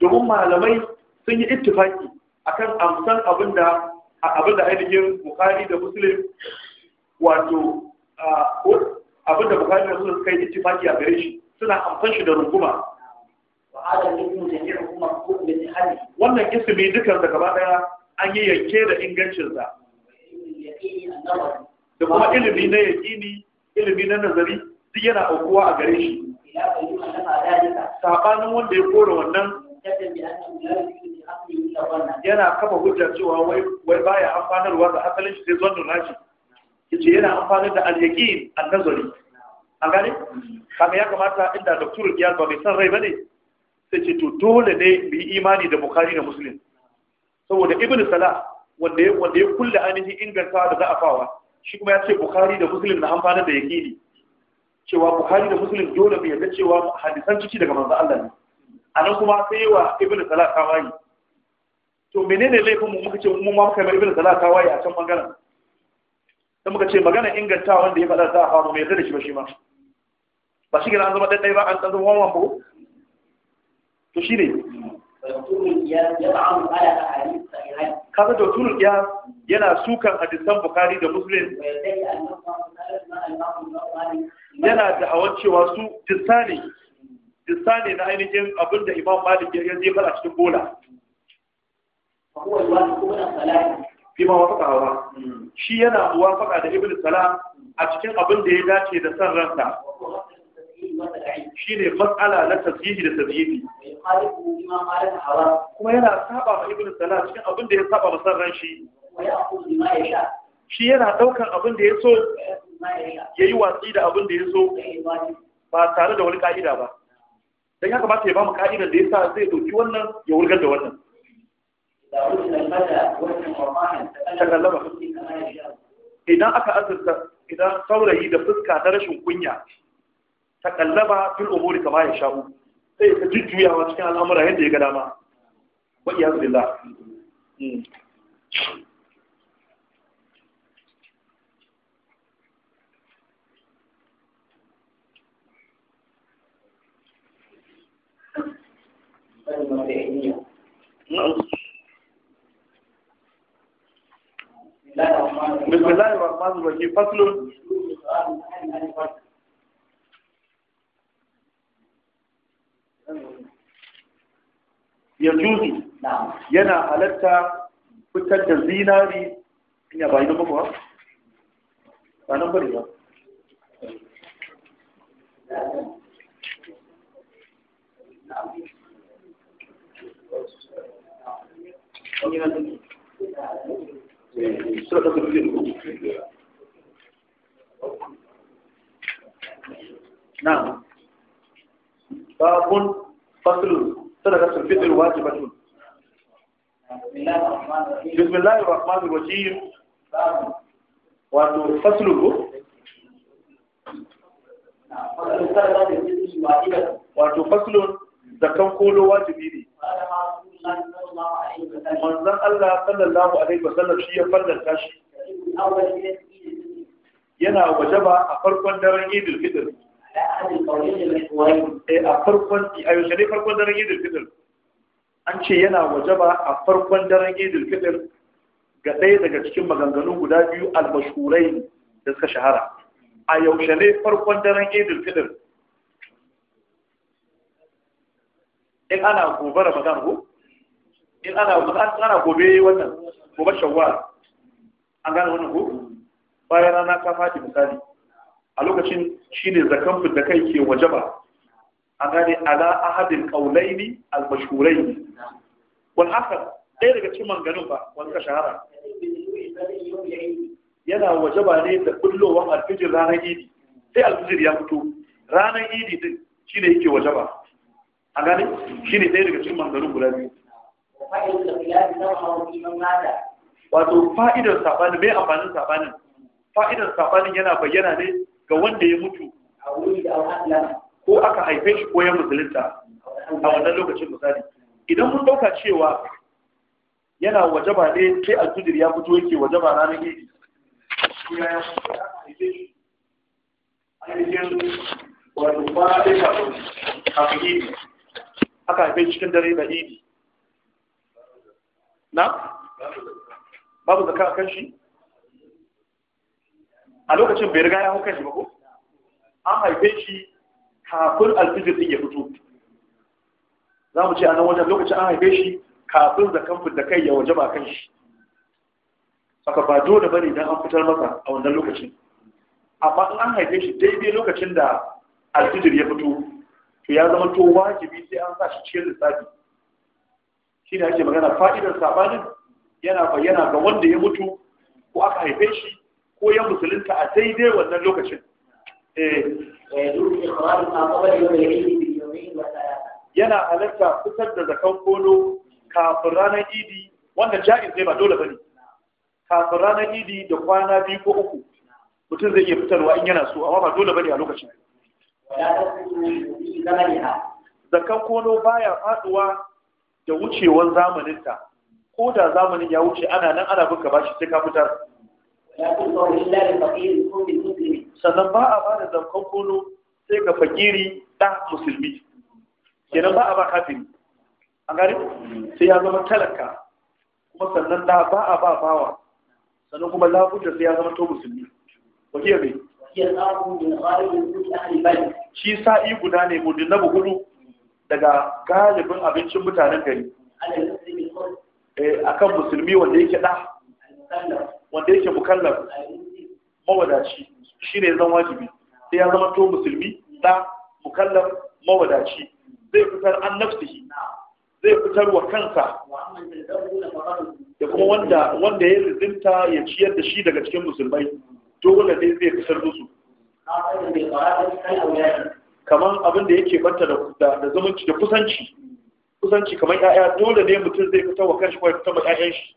domin malamai sun yi ittifaqi akan amsan abinda abinda ainihin bukari da muslim wato abinda bukari da muslim suka yi ittifaqi a gare shi suna amsan shi da runguma wannan ismi da gaba daya an yi yanke da ingancinsa da kuma ilimi na yakini ilimi na nazari duk yana aukuwa a gare shi sabanin wanda ya kora wannan yana kafa hujjar cewa wai baya amfanarwa da asalin shi sai zonnu nashi ce yana amfanar da al-yaqin an-nazari an gane kaga ya kamata inda doktor ya ba mai san rai ba ne. sai ce to dole ne mu yi imani da bukhari da muslim saboda ibn salah wanda ya wanda ya kulle ainihin inganta da za'afawa shi kuma ya ce bukhari da muslim na amfana da yaqini cewa bukhari da muslim dole bi yadda cewa hadisan ciki daga manzo Allah ne anan kuma sai ibn salah kawai to menene laifin mu muka ce mu ma muka yi ibn salah kawai a can bangaren sai muka ce magana inganta wanda ya faɗa za a faru mai yarda da shi ba shi ma ba shi ga an zama dai ba an zama wawan ba to shi ne kaga da tulul ya yana sukan hadisan bukari da muslim yana da hawan cewa su tisani tisani na ainihin abinda imam malik ya jefar a cikin bola fima wata hawa shi yana muwafaka da ibn Sala a cikin abin da ya dace da san Shi ne matsala na tasbihi da tasbihi kuma yana saba ma ibn salah cikin abin da ya saba ma san shi shi yana daukan abin da ya so ya yi watsi da abin da ya so ba tare da wani ka'ida ba don ya kamata ya ba mu ka'idar da ya sa zai dauki wannan ya wurgar da wannan idan aka azurta idan saurayi da fuska na rashin kunya ta kallaba fil umuri kama ya sha'u sai ka ji juyawa cikin al'amura yadda ya ga dama wa iyazu billah بسم الله الرحمن الرحيم فصل yajuzu yana halatta fitar da zinari in ya bayyana muku ba nan bari ba نعم باب فصل صدقة الفطر واجبة بسم الله الرحمن الرحيم باب فصل واجب فصل زكام كله واجب دي من ذا الله صلى الله عليه وسلم شيء فضل تاشي ينا وجبا أفرقا دارا إيد الفطر Eh, a farkon a yaushe ne farkon daren idil fitr an ce yana wajaba a farkon daren idil fitr ga ɗaya daga cikin maganganun guda biyu almashhurai da suka shahara a yaushe ne farkon daren idil fitr in ana gobe ramadan ko in ana ana gobe wannan gobe shawwal an gane wannan ko bayan rana ta fadi misali a lokacin shi ne zakan da kai ke waje ba a gane ala ahadin ne albashurai ne wani haka ɗaya daga cin manganin ba ka shahara yana waje ba ne da kullowar alfijir ranar idi sai alfijir ya fito ranar idi din shi ne yake waje ba. a gane ne ɗaya daga cin manganin guda biyu wato fa'idar saɓanin mai amfanin saɓanin fa'idar saɓanin yana bayyana ne ga wanda ya mutu ko aka haife shi ko ya musulunta a wannan lokacin misali idan mun dauka cewa yana wajaba ne sai alfijir ya fito yake wajaba ranar idi aka haife cikin dare da idi na babu zaka kan shi a lokacin bai riga ya hau kashi ba ko an haife shi kafin alfijir din ya fito za mu ce a nan wajen lokacin an haife shi kafin da kamfin da kai ya waje ba shi. saka ba dole bane idan an fitar masa a wannan lokacin amma in an haife shi daidai lokacin da alfijir ya fito to ya zama to wajibi sai an sa shi cikin lissafi shi ne ake magana fa'idar saɓanin yana bayyana ga wanda ya mutu ko aka haife shi ko ya musulunta a daidai wannan lokacin eh. yana halarta fitar da zakan kono kafin ranar idi wanda ja'iz ne ba dole ba ne kafin ranar idi da kwana biyu ko uku mutum zai iya fitarwa in yana so amma ba dole ba ne a lokacin zakan kono baya faduwa da wucewar zamaninta ko da zamanin ya wuce ana nan ana bin ka bashi sai ka fitar sannan ba a ba da zarkon kono sai ga fakiri ɗan musulmi kenan ba a ba kafin an gari sai ya zama talaka kuma sannan da ba a ba bawa sannan kuma labuta sai ya zama to musulmi Wajen mai shi sa'i guda ne mudin na hudu daga galibin abincin mutanen gari a eh, kan musulmi wanda yake ɗan. wanda yake mukallaf mawadaci shine zan zama wajibi sai ya zama to musulmi da mukallaf mawadaci zai fitar an nafsihi zai fitar wa kansa da kuma wanda wanda ya rizinta ya ciyar da shi daga cikin musulmai dole ne zai fitar musu kamar abin da yake banta da zumunci da kusanci kusanci kamar 'ya'ya dole ne mutum zai fitar wa kanshi ko ya fitar wa 'ya'yan shi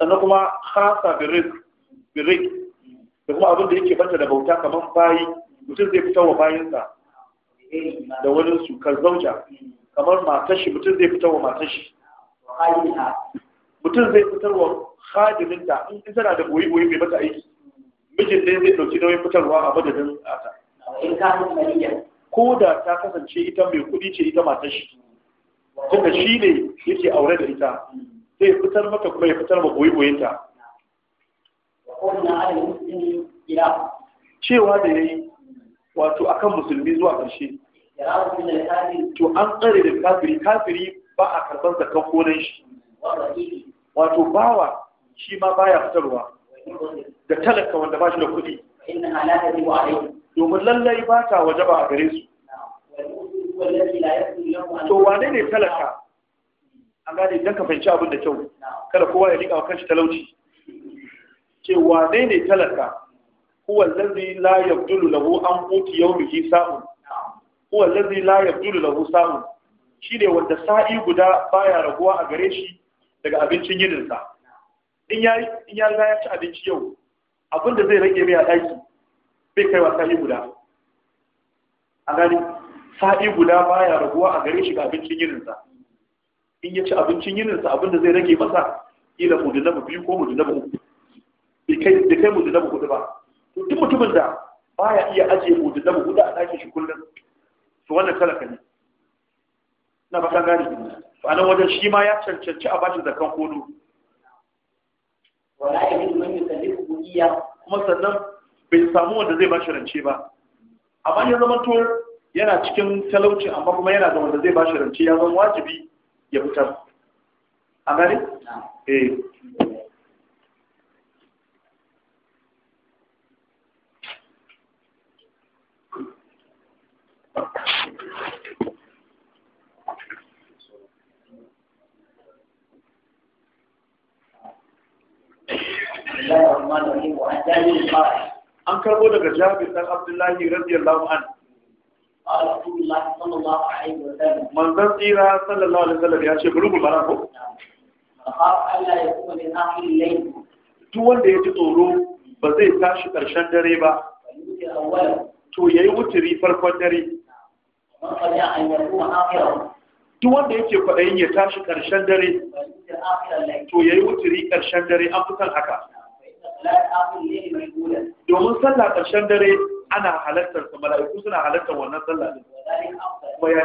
sannan kuma khasa bi birik da kuma abin da yake banta da bauta kamar bayi mutum zai fitar wa bayinsa da wani su zauja kamar matashi mutum zai fitar wa matashi mutum zai fitar wa hadiminta in tana da boyi boyi mai mata aiki mijin ne zai dauki nauyin fitarwa a madadin ata ko da ta kasance ita mai kuɗi ce ita matashi tunda shi ne yake aure da ita Zai fitar maka kuma ya fitar ma goyi goyinta cewa da ya yi, wato akan musulmi zuwa ƙarshe to an tsare da kafiri kafiri ba a karɓar zakan konan shi wato bawa shi ma baya fitarwa da talaka wanda ba shi da kuɗi domin lallai ba ta waje ba a gare su to wane ne talaka an gane idan ka fahimci abin da kyau kada kowa ya wa kanshi talauci cewa ne ne talaka huwa allazi la yabdulu lahu an quti yawmihi sa'un huwa allazi la yabdulu lahu sa'un shine wanda sa'i guda baya raguwa a gare shi daga abincin yinin sa in ya in ya ya ci abinci yau abin da zai rage mai a daki bai wa sa'i guda a gani sa'i guda baya raguwa a gare shi ga abincin yinin sa in ya ci abincin yininsa abin da zai rage masa ila mudunaba biyu ko mudunaba uku bai kai mudunaba hudu ba to duk mutumin da baya iya ajiye mudunaba hudu a ɗakin shi kullum to wannan talaka ne na ba gane to nan wajen shi ma ya cancanci a bashi zakan kodo wala yi man ko iya kuma sannan bai samu wanda zai bashi rance ba amma ya zama to yana cikin talauci amma kuma yana da wanda zai bashi rance ya zama wajibi ya fitar a gane? eh an karbo daga jabir abdullahi radiyallahu anhu manzan tsira sallallahu alaihi wasallam ya ce bari gulmara ko duk wanda ya ji tsoro ba zai tashi ƙarshen dare ba to ya yi wuturi farkon dare duk wanda ya yake kwaɗayin ya tashi ƙarshen dare to ya yi wuturi ƙarshen dare an fi son haka domin sallah ƙarshen dare ana halartar su mala'iku suna halartar wannan sallah din kuma ya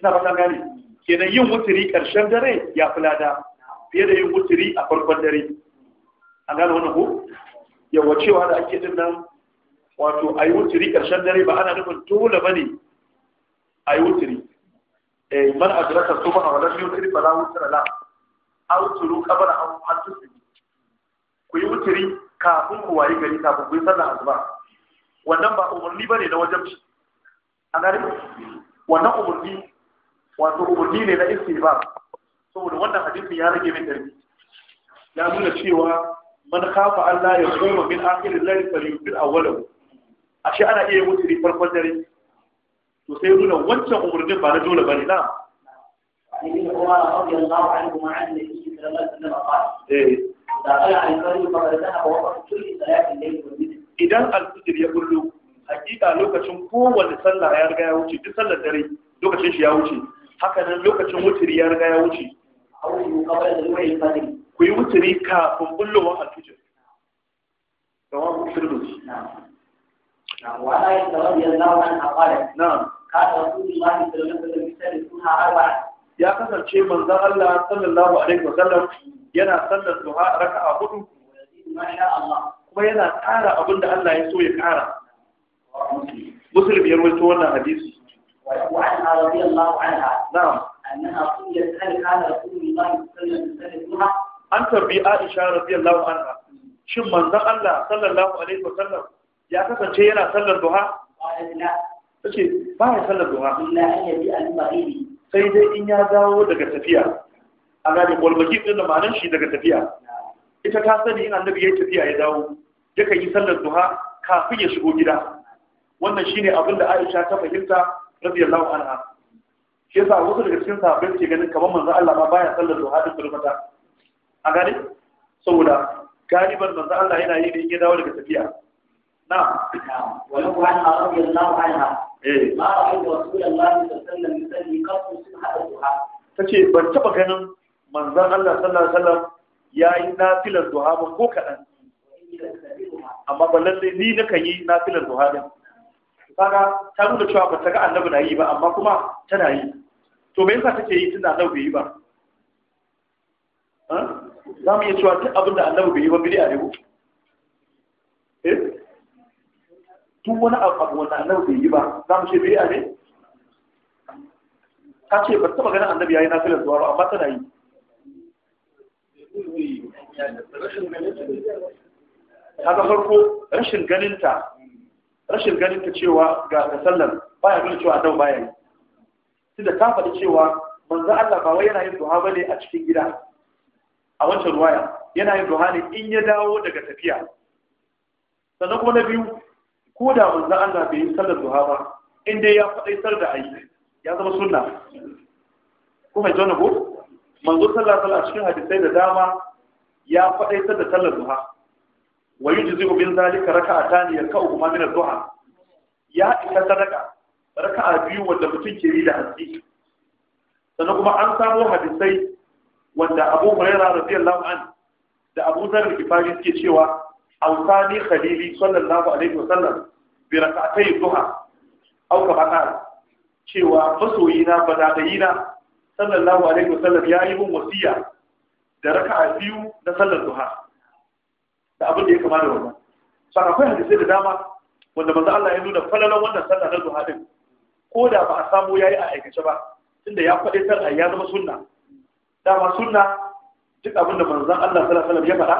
ina ba gani. gane kenan yin wuturi karshen dare ya fi lada fiye da yin wuturi a farkon dare an gane wani ko yawa cewa da ake din nan wato a yi wuturi karshen dare ba ana nufin dole ba ne a yi wuturi eh, man adraka su ba a wadar yau tsiri fara wutura la a wuturu kabar an hantu ku yi wuturi kafin ku wayi gari kafin ku yi sallah asuba wannan ba umarni ne na wajabci A gane wannan umarni wato umarni ne na ba? saboda wannan hadisin ya rage min ɗari. ya nuna cewa man kafa Allah ya koma min akhir al-layl fa yufil a ashe ana iya wuce farkon dare to sai nuna wancan umarnin ba na dole ba ne na ابن عمر idan alfijir ya bullo hakika lokacin kowanne sallah ya riga ya wuce duk sallar dare lokacin shi ya wuce haka nan lokacin wutir ya riga ya wuce ku yi wutiri kafin bullowar alfijir رواه الترمذي نعم نعم وعن da Ya kasance manzon Allah sallallahu alaihi wasallam yana sallar duha raka'a hudu ma sha kuma yana ƙara abin da Allah ya so ya ƙara musulmi ya rawaito wannan hadisi na'am an tarbi Aisha radiyallahu anha shin manzon Allah sallallahu alaihi wa sallam ya kasance yana sallar duha tace ba ya sallar duha sai dai in ya dawo daga tafiya a gane kwalbaki ɗin da ma'anar shi daga tafiya ita ta sani in annabi ya tafiya ya dawo yakan yi sallar duha kafin ya shigo gida wannan shine abin da Aisha ta fahimta radiyallahu anha shi yasa wasu daga cikin sahabbai suke ganin kamar manzo Allah ma baya sallar duha duk lokuta a gane saboda galiban manzo Allah yana yi ne ya dawo daga tafiya na wa lahu an radiyallahu anha eh ma ra'aytu rasulullahi sallallahu alaihi wasallam yusalli qattu subhanahu duha tace ban taba ganin manzon Allah sallallahu alaihi wasallam yayi nafilar duha ba ko kadan amma ba lalle ni na kan yi na duha din kaga ta nuna cewa ba ta ga annabi na yi ba amma kuma tana yi to me yasa take yi tunda annabi bai yi ba za mu iya cewa duk abin da annabi bai yi ba bid'a ne ko eh wani abu wanda annabi bai yi ba za mu ce bid'a ne ta ce ba ta magana annabi yayi nafilar zuwa ba amma tana yi kaga farko rashin ganinta rashin ganinta cewa ga ga sallar baya gani cewa dau baya ne tunda ta faɗi cewa manzo Allah ba wai yana yin duha bane a cikin gida a wancan ruwaya yana yin duha ne in ya dawo daga tafiya sannan kuma na biyu ko da manzo Allah bai yi sallar duha ba in dai ya sar da ayi ya zama sunna ko mai jona ko manzo sallallahu alaihi wasallam cikin hadisai da dama ya sar da sallar duha wa yujzi'u bin zalika raka'atan yarka'u ma min ad-duha ya isa sadaka raka'a biyu wanda mutum ke yi da hantsi sannan kuma an samo hadisai wanda Abu Hurairah radiyallahu anhu da Abu Dharr al-Ghifari suke cewa awsani khalili sallallahu alaihi wasallam bi raka'atay duha aw kama qala cewa masoyina na sallallahu alaihi wasallam yi mun wasiya da raka'a biyu na sallar duha da abin da ya kama da wannan saka akwai da dama wanda manzo Allah ya nuna falalan wannan sallah na duha din ko da ba a samu yayi a aikace ba tunda ya faɗi san ai ya zama sunna dama sunna duk abin da manzo Allah sallallahu alaihi wasallam ya faɗa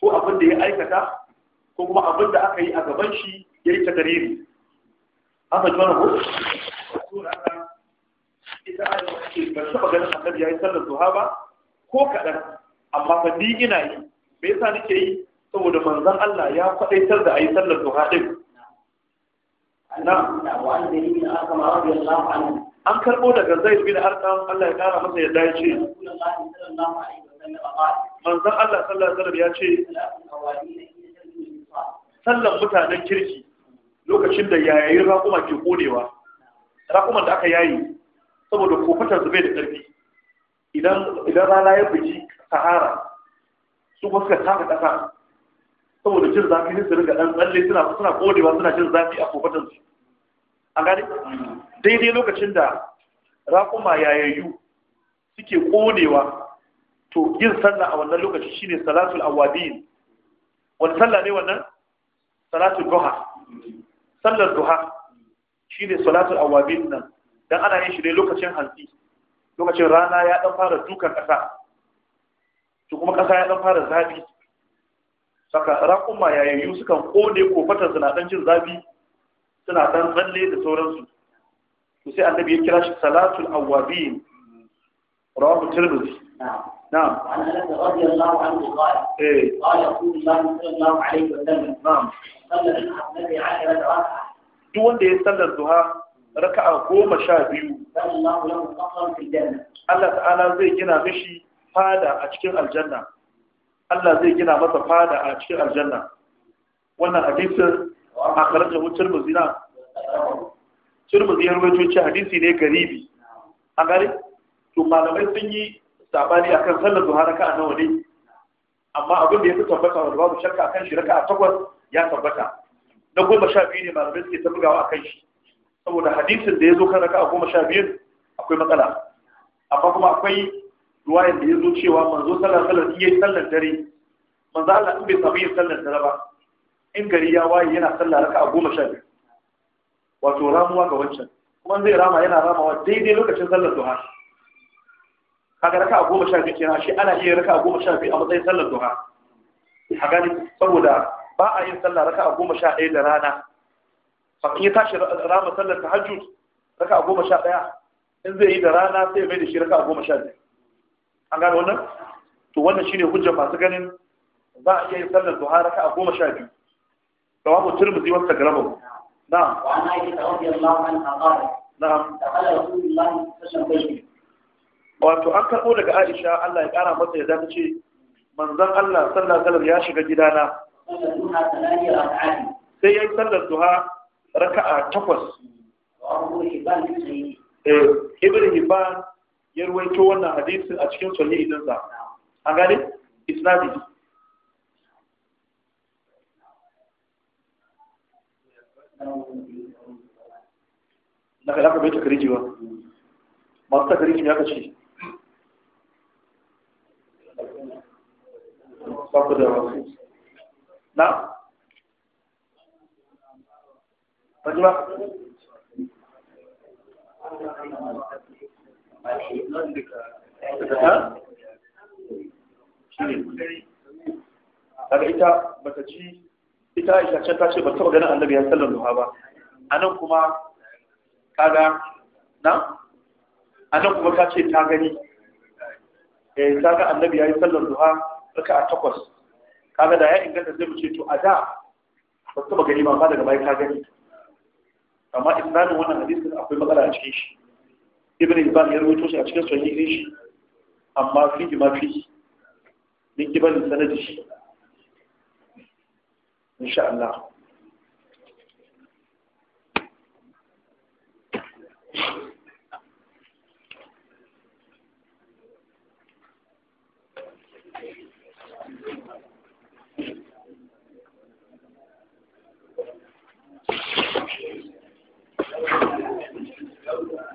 ko abin da ya aikata ko kuma abin da aka yi a gaban shi yayi takariri haka ji ko sura ita ayyuka ce ba shi maganar annabi yi sallar duha ba ko kadan amma fa ni ina yi me yasa nake yi saboda manzon Allah ya faɗaitar da ayi sallar duha din na an karɓo daga zaid bin arqam Allah ya kara masa yadda ya ce manzon Allah sallallahu alaihi wasallam ya ce sallan mutanen kirki lokacin da yayayin raƙuma ke ƙonewa. raƙuman da aka yayi saboda kofatar zube bai da ƙarfi idan rana ya buji sahara su kuma suka taka ƙasa saboda jin zafi sai su riga ɗan tsalle suna suna kodewa suna jin zafi a kofatan su an gane daidai lokacin da raƙuma yayayyu suke kodewa to yin sallah a wannan lokaci shine salatul awabin wani sallah ne wannan salatul duha sallar duha shine salatul awabin nan dan ana yin shi ne lokacin hantsi lokacin rana ya dan fara dukan ƙasa su kuma ƙasa ya ɗan fara zafi saka raƙuma yayayyu sukan ƙone ko fatar suna ɗan jin zafi suna ɗan tsalle da sauransu su sai annabi ya kira shi salatul awabi rawahu tirmidhi نعم وعن انس duk wanda ya sallar duha raka'a goma sha biyu Allah ta'ala zai gina mishi fada a cikin aljanna Allah zai gina masa fada a cikin aljanna wannan hadisin a karajar wucin muzina turmuzi ya rubuto ce hadisi ne garibi a gari to malamai sun yi sabani akan sallar duha raka a nawa ne amma abin da ya fi tabbata wanda babu shakka akan shi raka a takwas ya tabbata na goma sha biyu ne malamai suke ta bugawa akan shi saboda hadisin da ya zo kan raka a goma sha biyu akwai matsala amma kuma akwai ruwayan da ya zo cewa manzo sallar sallar iya sallar dare manzo Allah in bai samu yin sallar dare ba in gari ya waye yana sallar raka a goma sha biyu wato ramuwa ga wancan kuma zai rama yana ramawa daidai lokacin sallar duha kaga raka a goma sha biyu kenan shi ana iya raka a goma sha biyu a matsayin sallar duha a gani saboda ba a yin sallar raka a goma sha ɗaya da rana in ya tashi rama sallar tahajjud raka a goma sha ɗaya in zai yi da rana sai ya mai da shi raka a goma sha biyu an gano wannan to wannan shine hujja masu ganin za a iya yin sallar duha raka a goma sha biyu da wabu wasu wa an aiki ta wajen Na. a wato an karɓo daga Aisha Allah ya ƙara masa yadda ta ce manzon Allah sallar zalar ya shiga gidana sai ya yi sallar duha a takwas Ibrahim Ibrahim ya ruwaito wannan hadisin a cikin sahih idan sa an gane isnadi na kai aka bai takariji ba masu takariji ne aka ce ba da wasu na? ba daga ita bata ci ita aisha ta ce ba taɓa ganin annabi ya sallar duha ba a nan kuma kaga na a nan kuma ta ce ta gani eh ta ga annabi ya yi sallar duha raka a takwas kaga da ya inganta zai mu ce to a da ba taɓa gani ba ba daga bai ta gani amma isnadin wannan hadisin akwai matsala a cikin shi ibn ibn ya rubuto shi a cikin din shi amma fi ma fi din bani sanadi shi insha Allah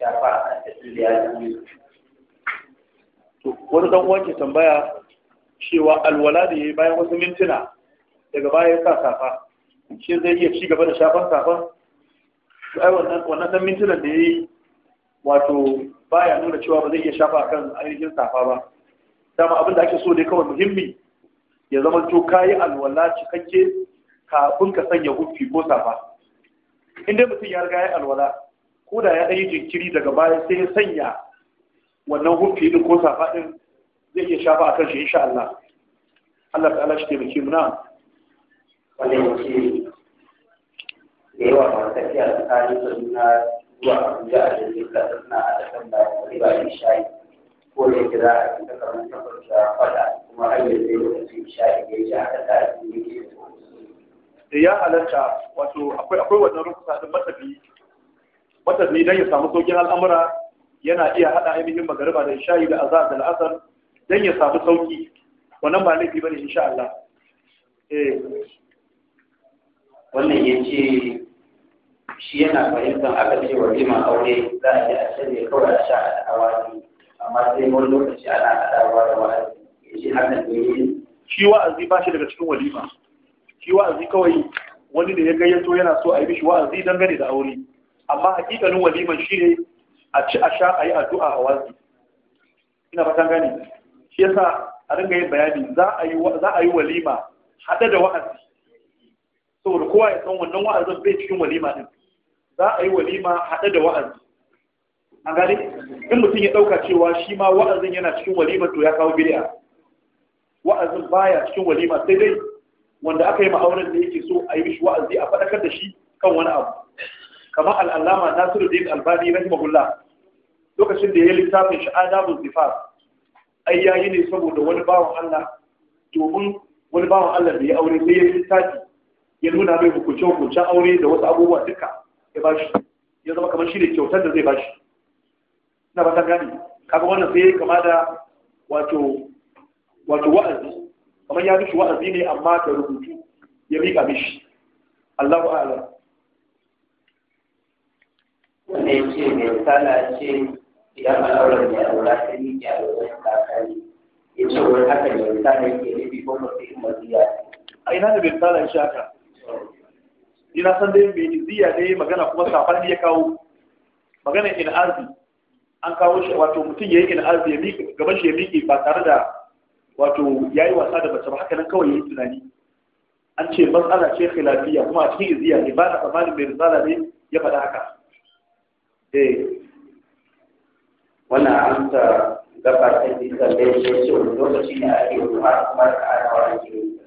shafa a to wani dan uwan ke tambaya cewa alwala da yi bayan wasu mintuna daga baya ya sa safa shi zai iya ci gaba da shafan safa ai wannan wannan dan mintunan da yi wato baya nuna cewa ba zai iya shafa kan ainihin safa ba dama abin da ake so dai kawai muhimmi ya zama to kayi alwala cikakke kafin ka sanya huffi ko safa in dai mutum ya riga ya alwala ko da ya ɗaya jinkiri daga baya sai ya sanya wannan hufi ɗin ko safa ɗin zai iya shafa a kan shi insha Allah Allah ta'ala shi taimake mu na wanda ya ce da yawa ba ta fiya tsakanin da nuna zuwa Abuja a jirgin da na a dakan da wani ba shi shayi ko da yake za a yi ta kamar ta farsa faɗa kuma hanyar zai lokacin shayi ya ji haka da yake yi da ya halatta wato akwai wannan rukusa ɗin matsafi wata ne dan ya samu saukin al'amura yana iya hada ainihin magariba da shayi da azar da la'asar dan ya samu sauki wannan ba laifi bane insha Allah eh wannan yace shi yana fahimtar aka ce wa jima aure za a yi a shirya kawai a sha a awali amma sai wani lokaci ana haɗawa da wa'azi shi haka ne shi wa'azi ba shi daga cikin walima shi wa'azi kawai wani da ya gayyato yana so a yi mishi wa'azi dangane da aure amma hakikalin waliman shi ne a ci a sha a yi addu'a a wazi ina fatan gani shi yasa a dinga yin bayani za a yi walima haɗe da wa'azi saboda kowa ya san wannan wa'azin bai cikin walima din za a yi walima haɗe da wa'azi an gani, in mutum ya ɗauka cewa shi ma wa'azin yana cikin walima to ya kawo bid'a wa'azin baya cikin walima sai dai wanda aka yi ma'auren da yake so a yi mishi wa'azi a faɗakar da shi kan wani abu kamar al'allama nasiruddin albani rahimahullah lokacin da ya littafin shi adabul zifar ai yayi ne saboda wani bawan Allah domin wani bawan Allah da ya aure sai ya littafi ya nuna mai hukunce hukuncen aure da wasu abubuwa duka ya bashi ya zama kamar shi ne kyautar da zai bashi na ba ta gani kaga wannan sai kama da wato wato wa'azi kamar ya mishi wa'azi ne amma da rubutu ya miƙa mishi Allahu a'lam Wannan ya ce mai sala ce idan al'aurar mai aura ta yi ke al'aurar kakari ya ce wani haka mai sala ke nufi ko mutum maziya a ina da mai sala shi haka ina san dai mai ziya ne magana kuma safar ya kawo magana in arzi an kawo shi wato mutum ya yi in arzi ya miƙe gaban shi ya miƙe ba tare da wato ya yi wasa da mace ba haka nan kawai ya yi tunani an ce matsala ce khilafiyya kuma a cikin iziya ne ba na tsammanin mai risala ne ya faɗa haka eh wannan amsa gaba ta bi ta bai ce ce wani lokaci ne ake yi kuma da ana wani ke yi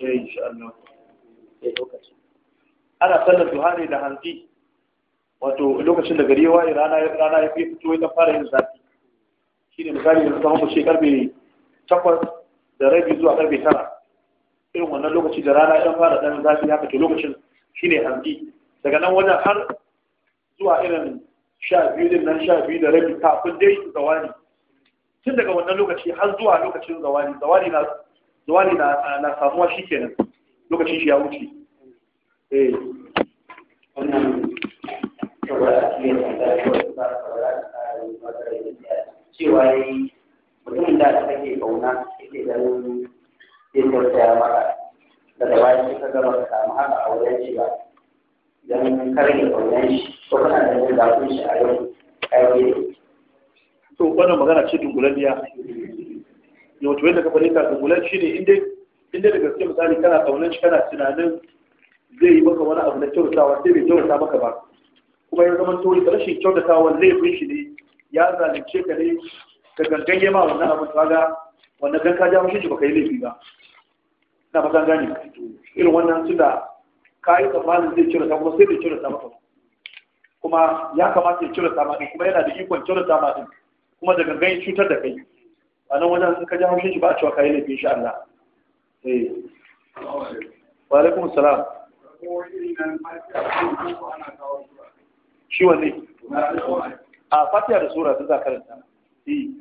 sai insha ana sallar duha da hanzi wato lokacin da gari ya waye rana ya fi fito ya fara yin zafi ne misali da kuma ce karfe takwas da rabi zuwa karfe tara irin wannan lokaci da rana ya fara zafi haka to lokacin ne hanzi daga nan wajen har zuwa irin sha biyu din nan sha biyu da rabi kafin dai zawani tun daga wannan lokaci har zuwa lokacin zawani zawani na zawani na ah, na samuwa shikenan lokacin shi ya wuce eh wannan cewa yi mutumin da ta ke kauna yake ganin zai tausaya da daga bayan suka gama samu haka a wajen shi ba don karya wannan shi ko kana da yin zafin shi a yau ƙarfi to wannan magana ce dungulanniya yau to yadda ka fahimta dungulan shi ne inda da gaske misali kana kaunan shi kana tunanin zai yi maka wani abu na kyautatawa sai bai kyautata maka ba kuma ya zama tori da rashin kyautatawa zai laifin shi ne ya zalunce ka ne ka ganganye ma wannan abu kaga wannan ka ja mushi ba kai laifi ba ina ba gane irin wannan tunda ka yi tsammanin zai cire ta kuma sai da cire ta maka kuma ya kamata ya cire ta maka kuma yana da ikon cire ta din kuma da gangan cutar da kai a nan wajen in ka ji haushin shi ba a cewa ka yi laifin shi Allah eh wa alaikum salam shi wanne a fatiya da sura ta zakaranta eh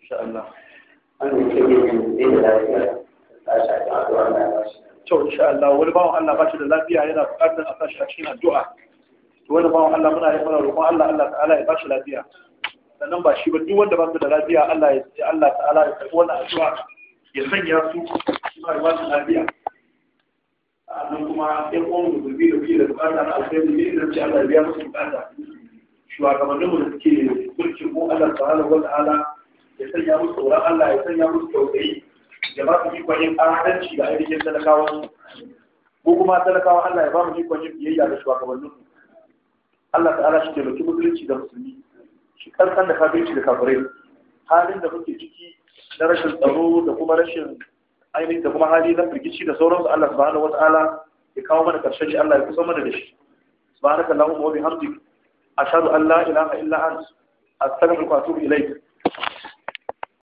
insha Allah an yi ne da ya ta shafi a wannan kyau insha Allah wani bawan Allah ba shi da lafiya yana buƙatar a sashi a cikin addu'a to wani bawan Allah muna yin mana roƙon Allah Allah ta'ala ya ba shi lafiya sannan ba shi ba duk wanda ba su da lafiya Allah ya ce Allah ta'ala ya karɓi wannan addu'a ya sanya su shi ba ya ba su lafiya sannan kuma in uwan mu gurbi da kuke da buƙata na alkhairi ne idan ce Allah ya biya musu bukata. shugabannin mu da suke mulkin ko Allah ta'ala wa ta'ala ya sanya musu tsoron Allah ya sanya musu tausayi ya ba su ikon yin adalci ga ainihin talakawa ko kuma talakawa Allah ya ba mu yi yin biyayya ga shugabannin Allah ta'ala shi taimaki musulunci da musulmi shi kankan da kafirci da kafirai halin da muke ciki na rashin tsaro da kuma rashin ainihin da kuma hali na firgici da sauransu Allah subhanahu wata'ala ya kawo mana ƙarshen shi Allah ya kusa mana da shi subhanaka allahumma wa bihamdik ashhadu an la ilaha illa anta astaghfiruka wa atubu ilayk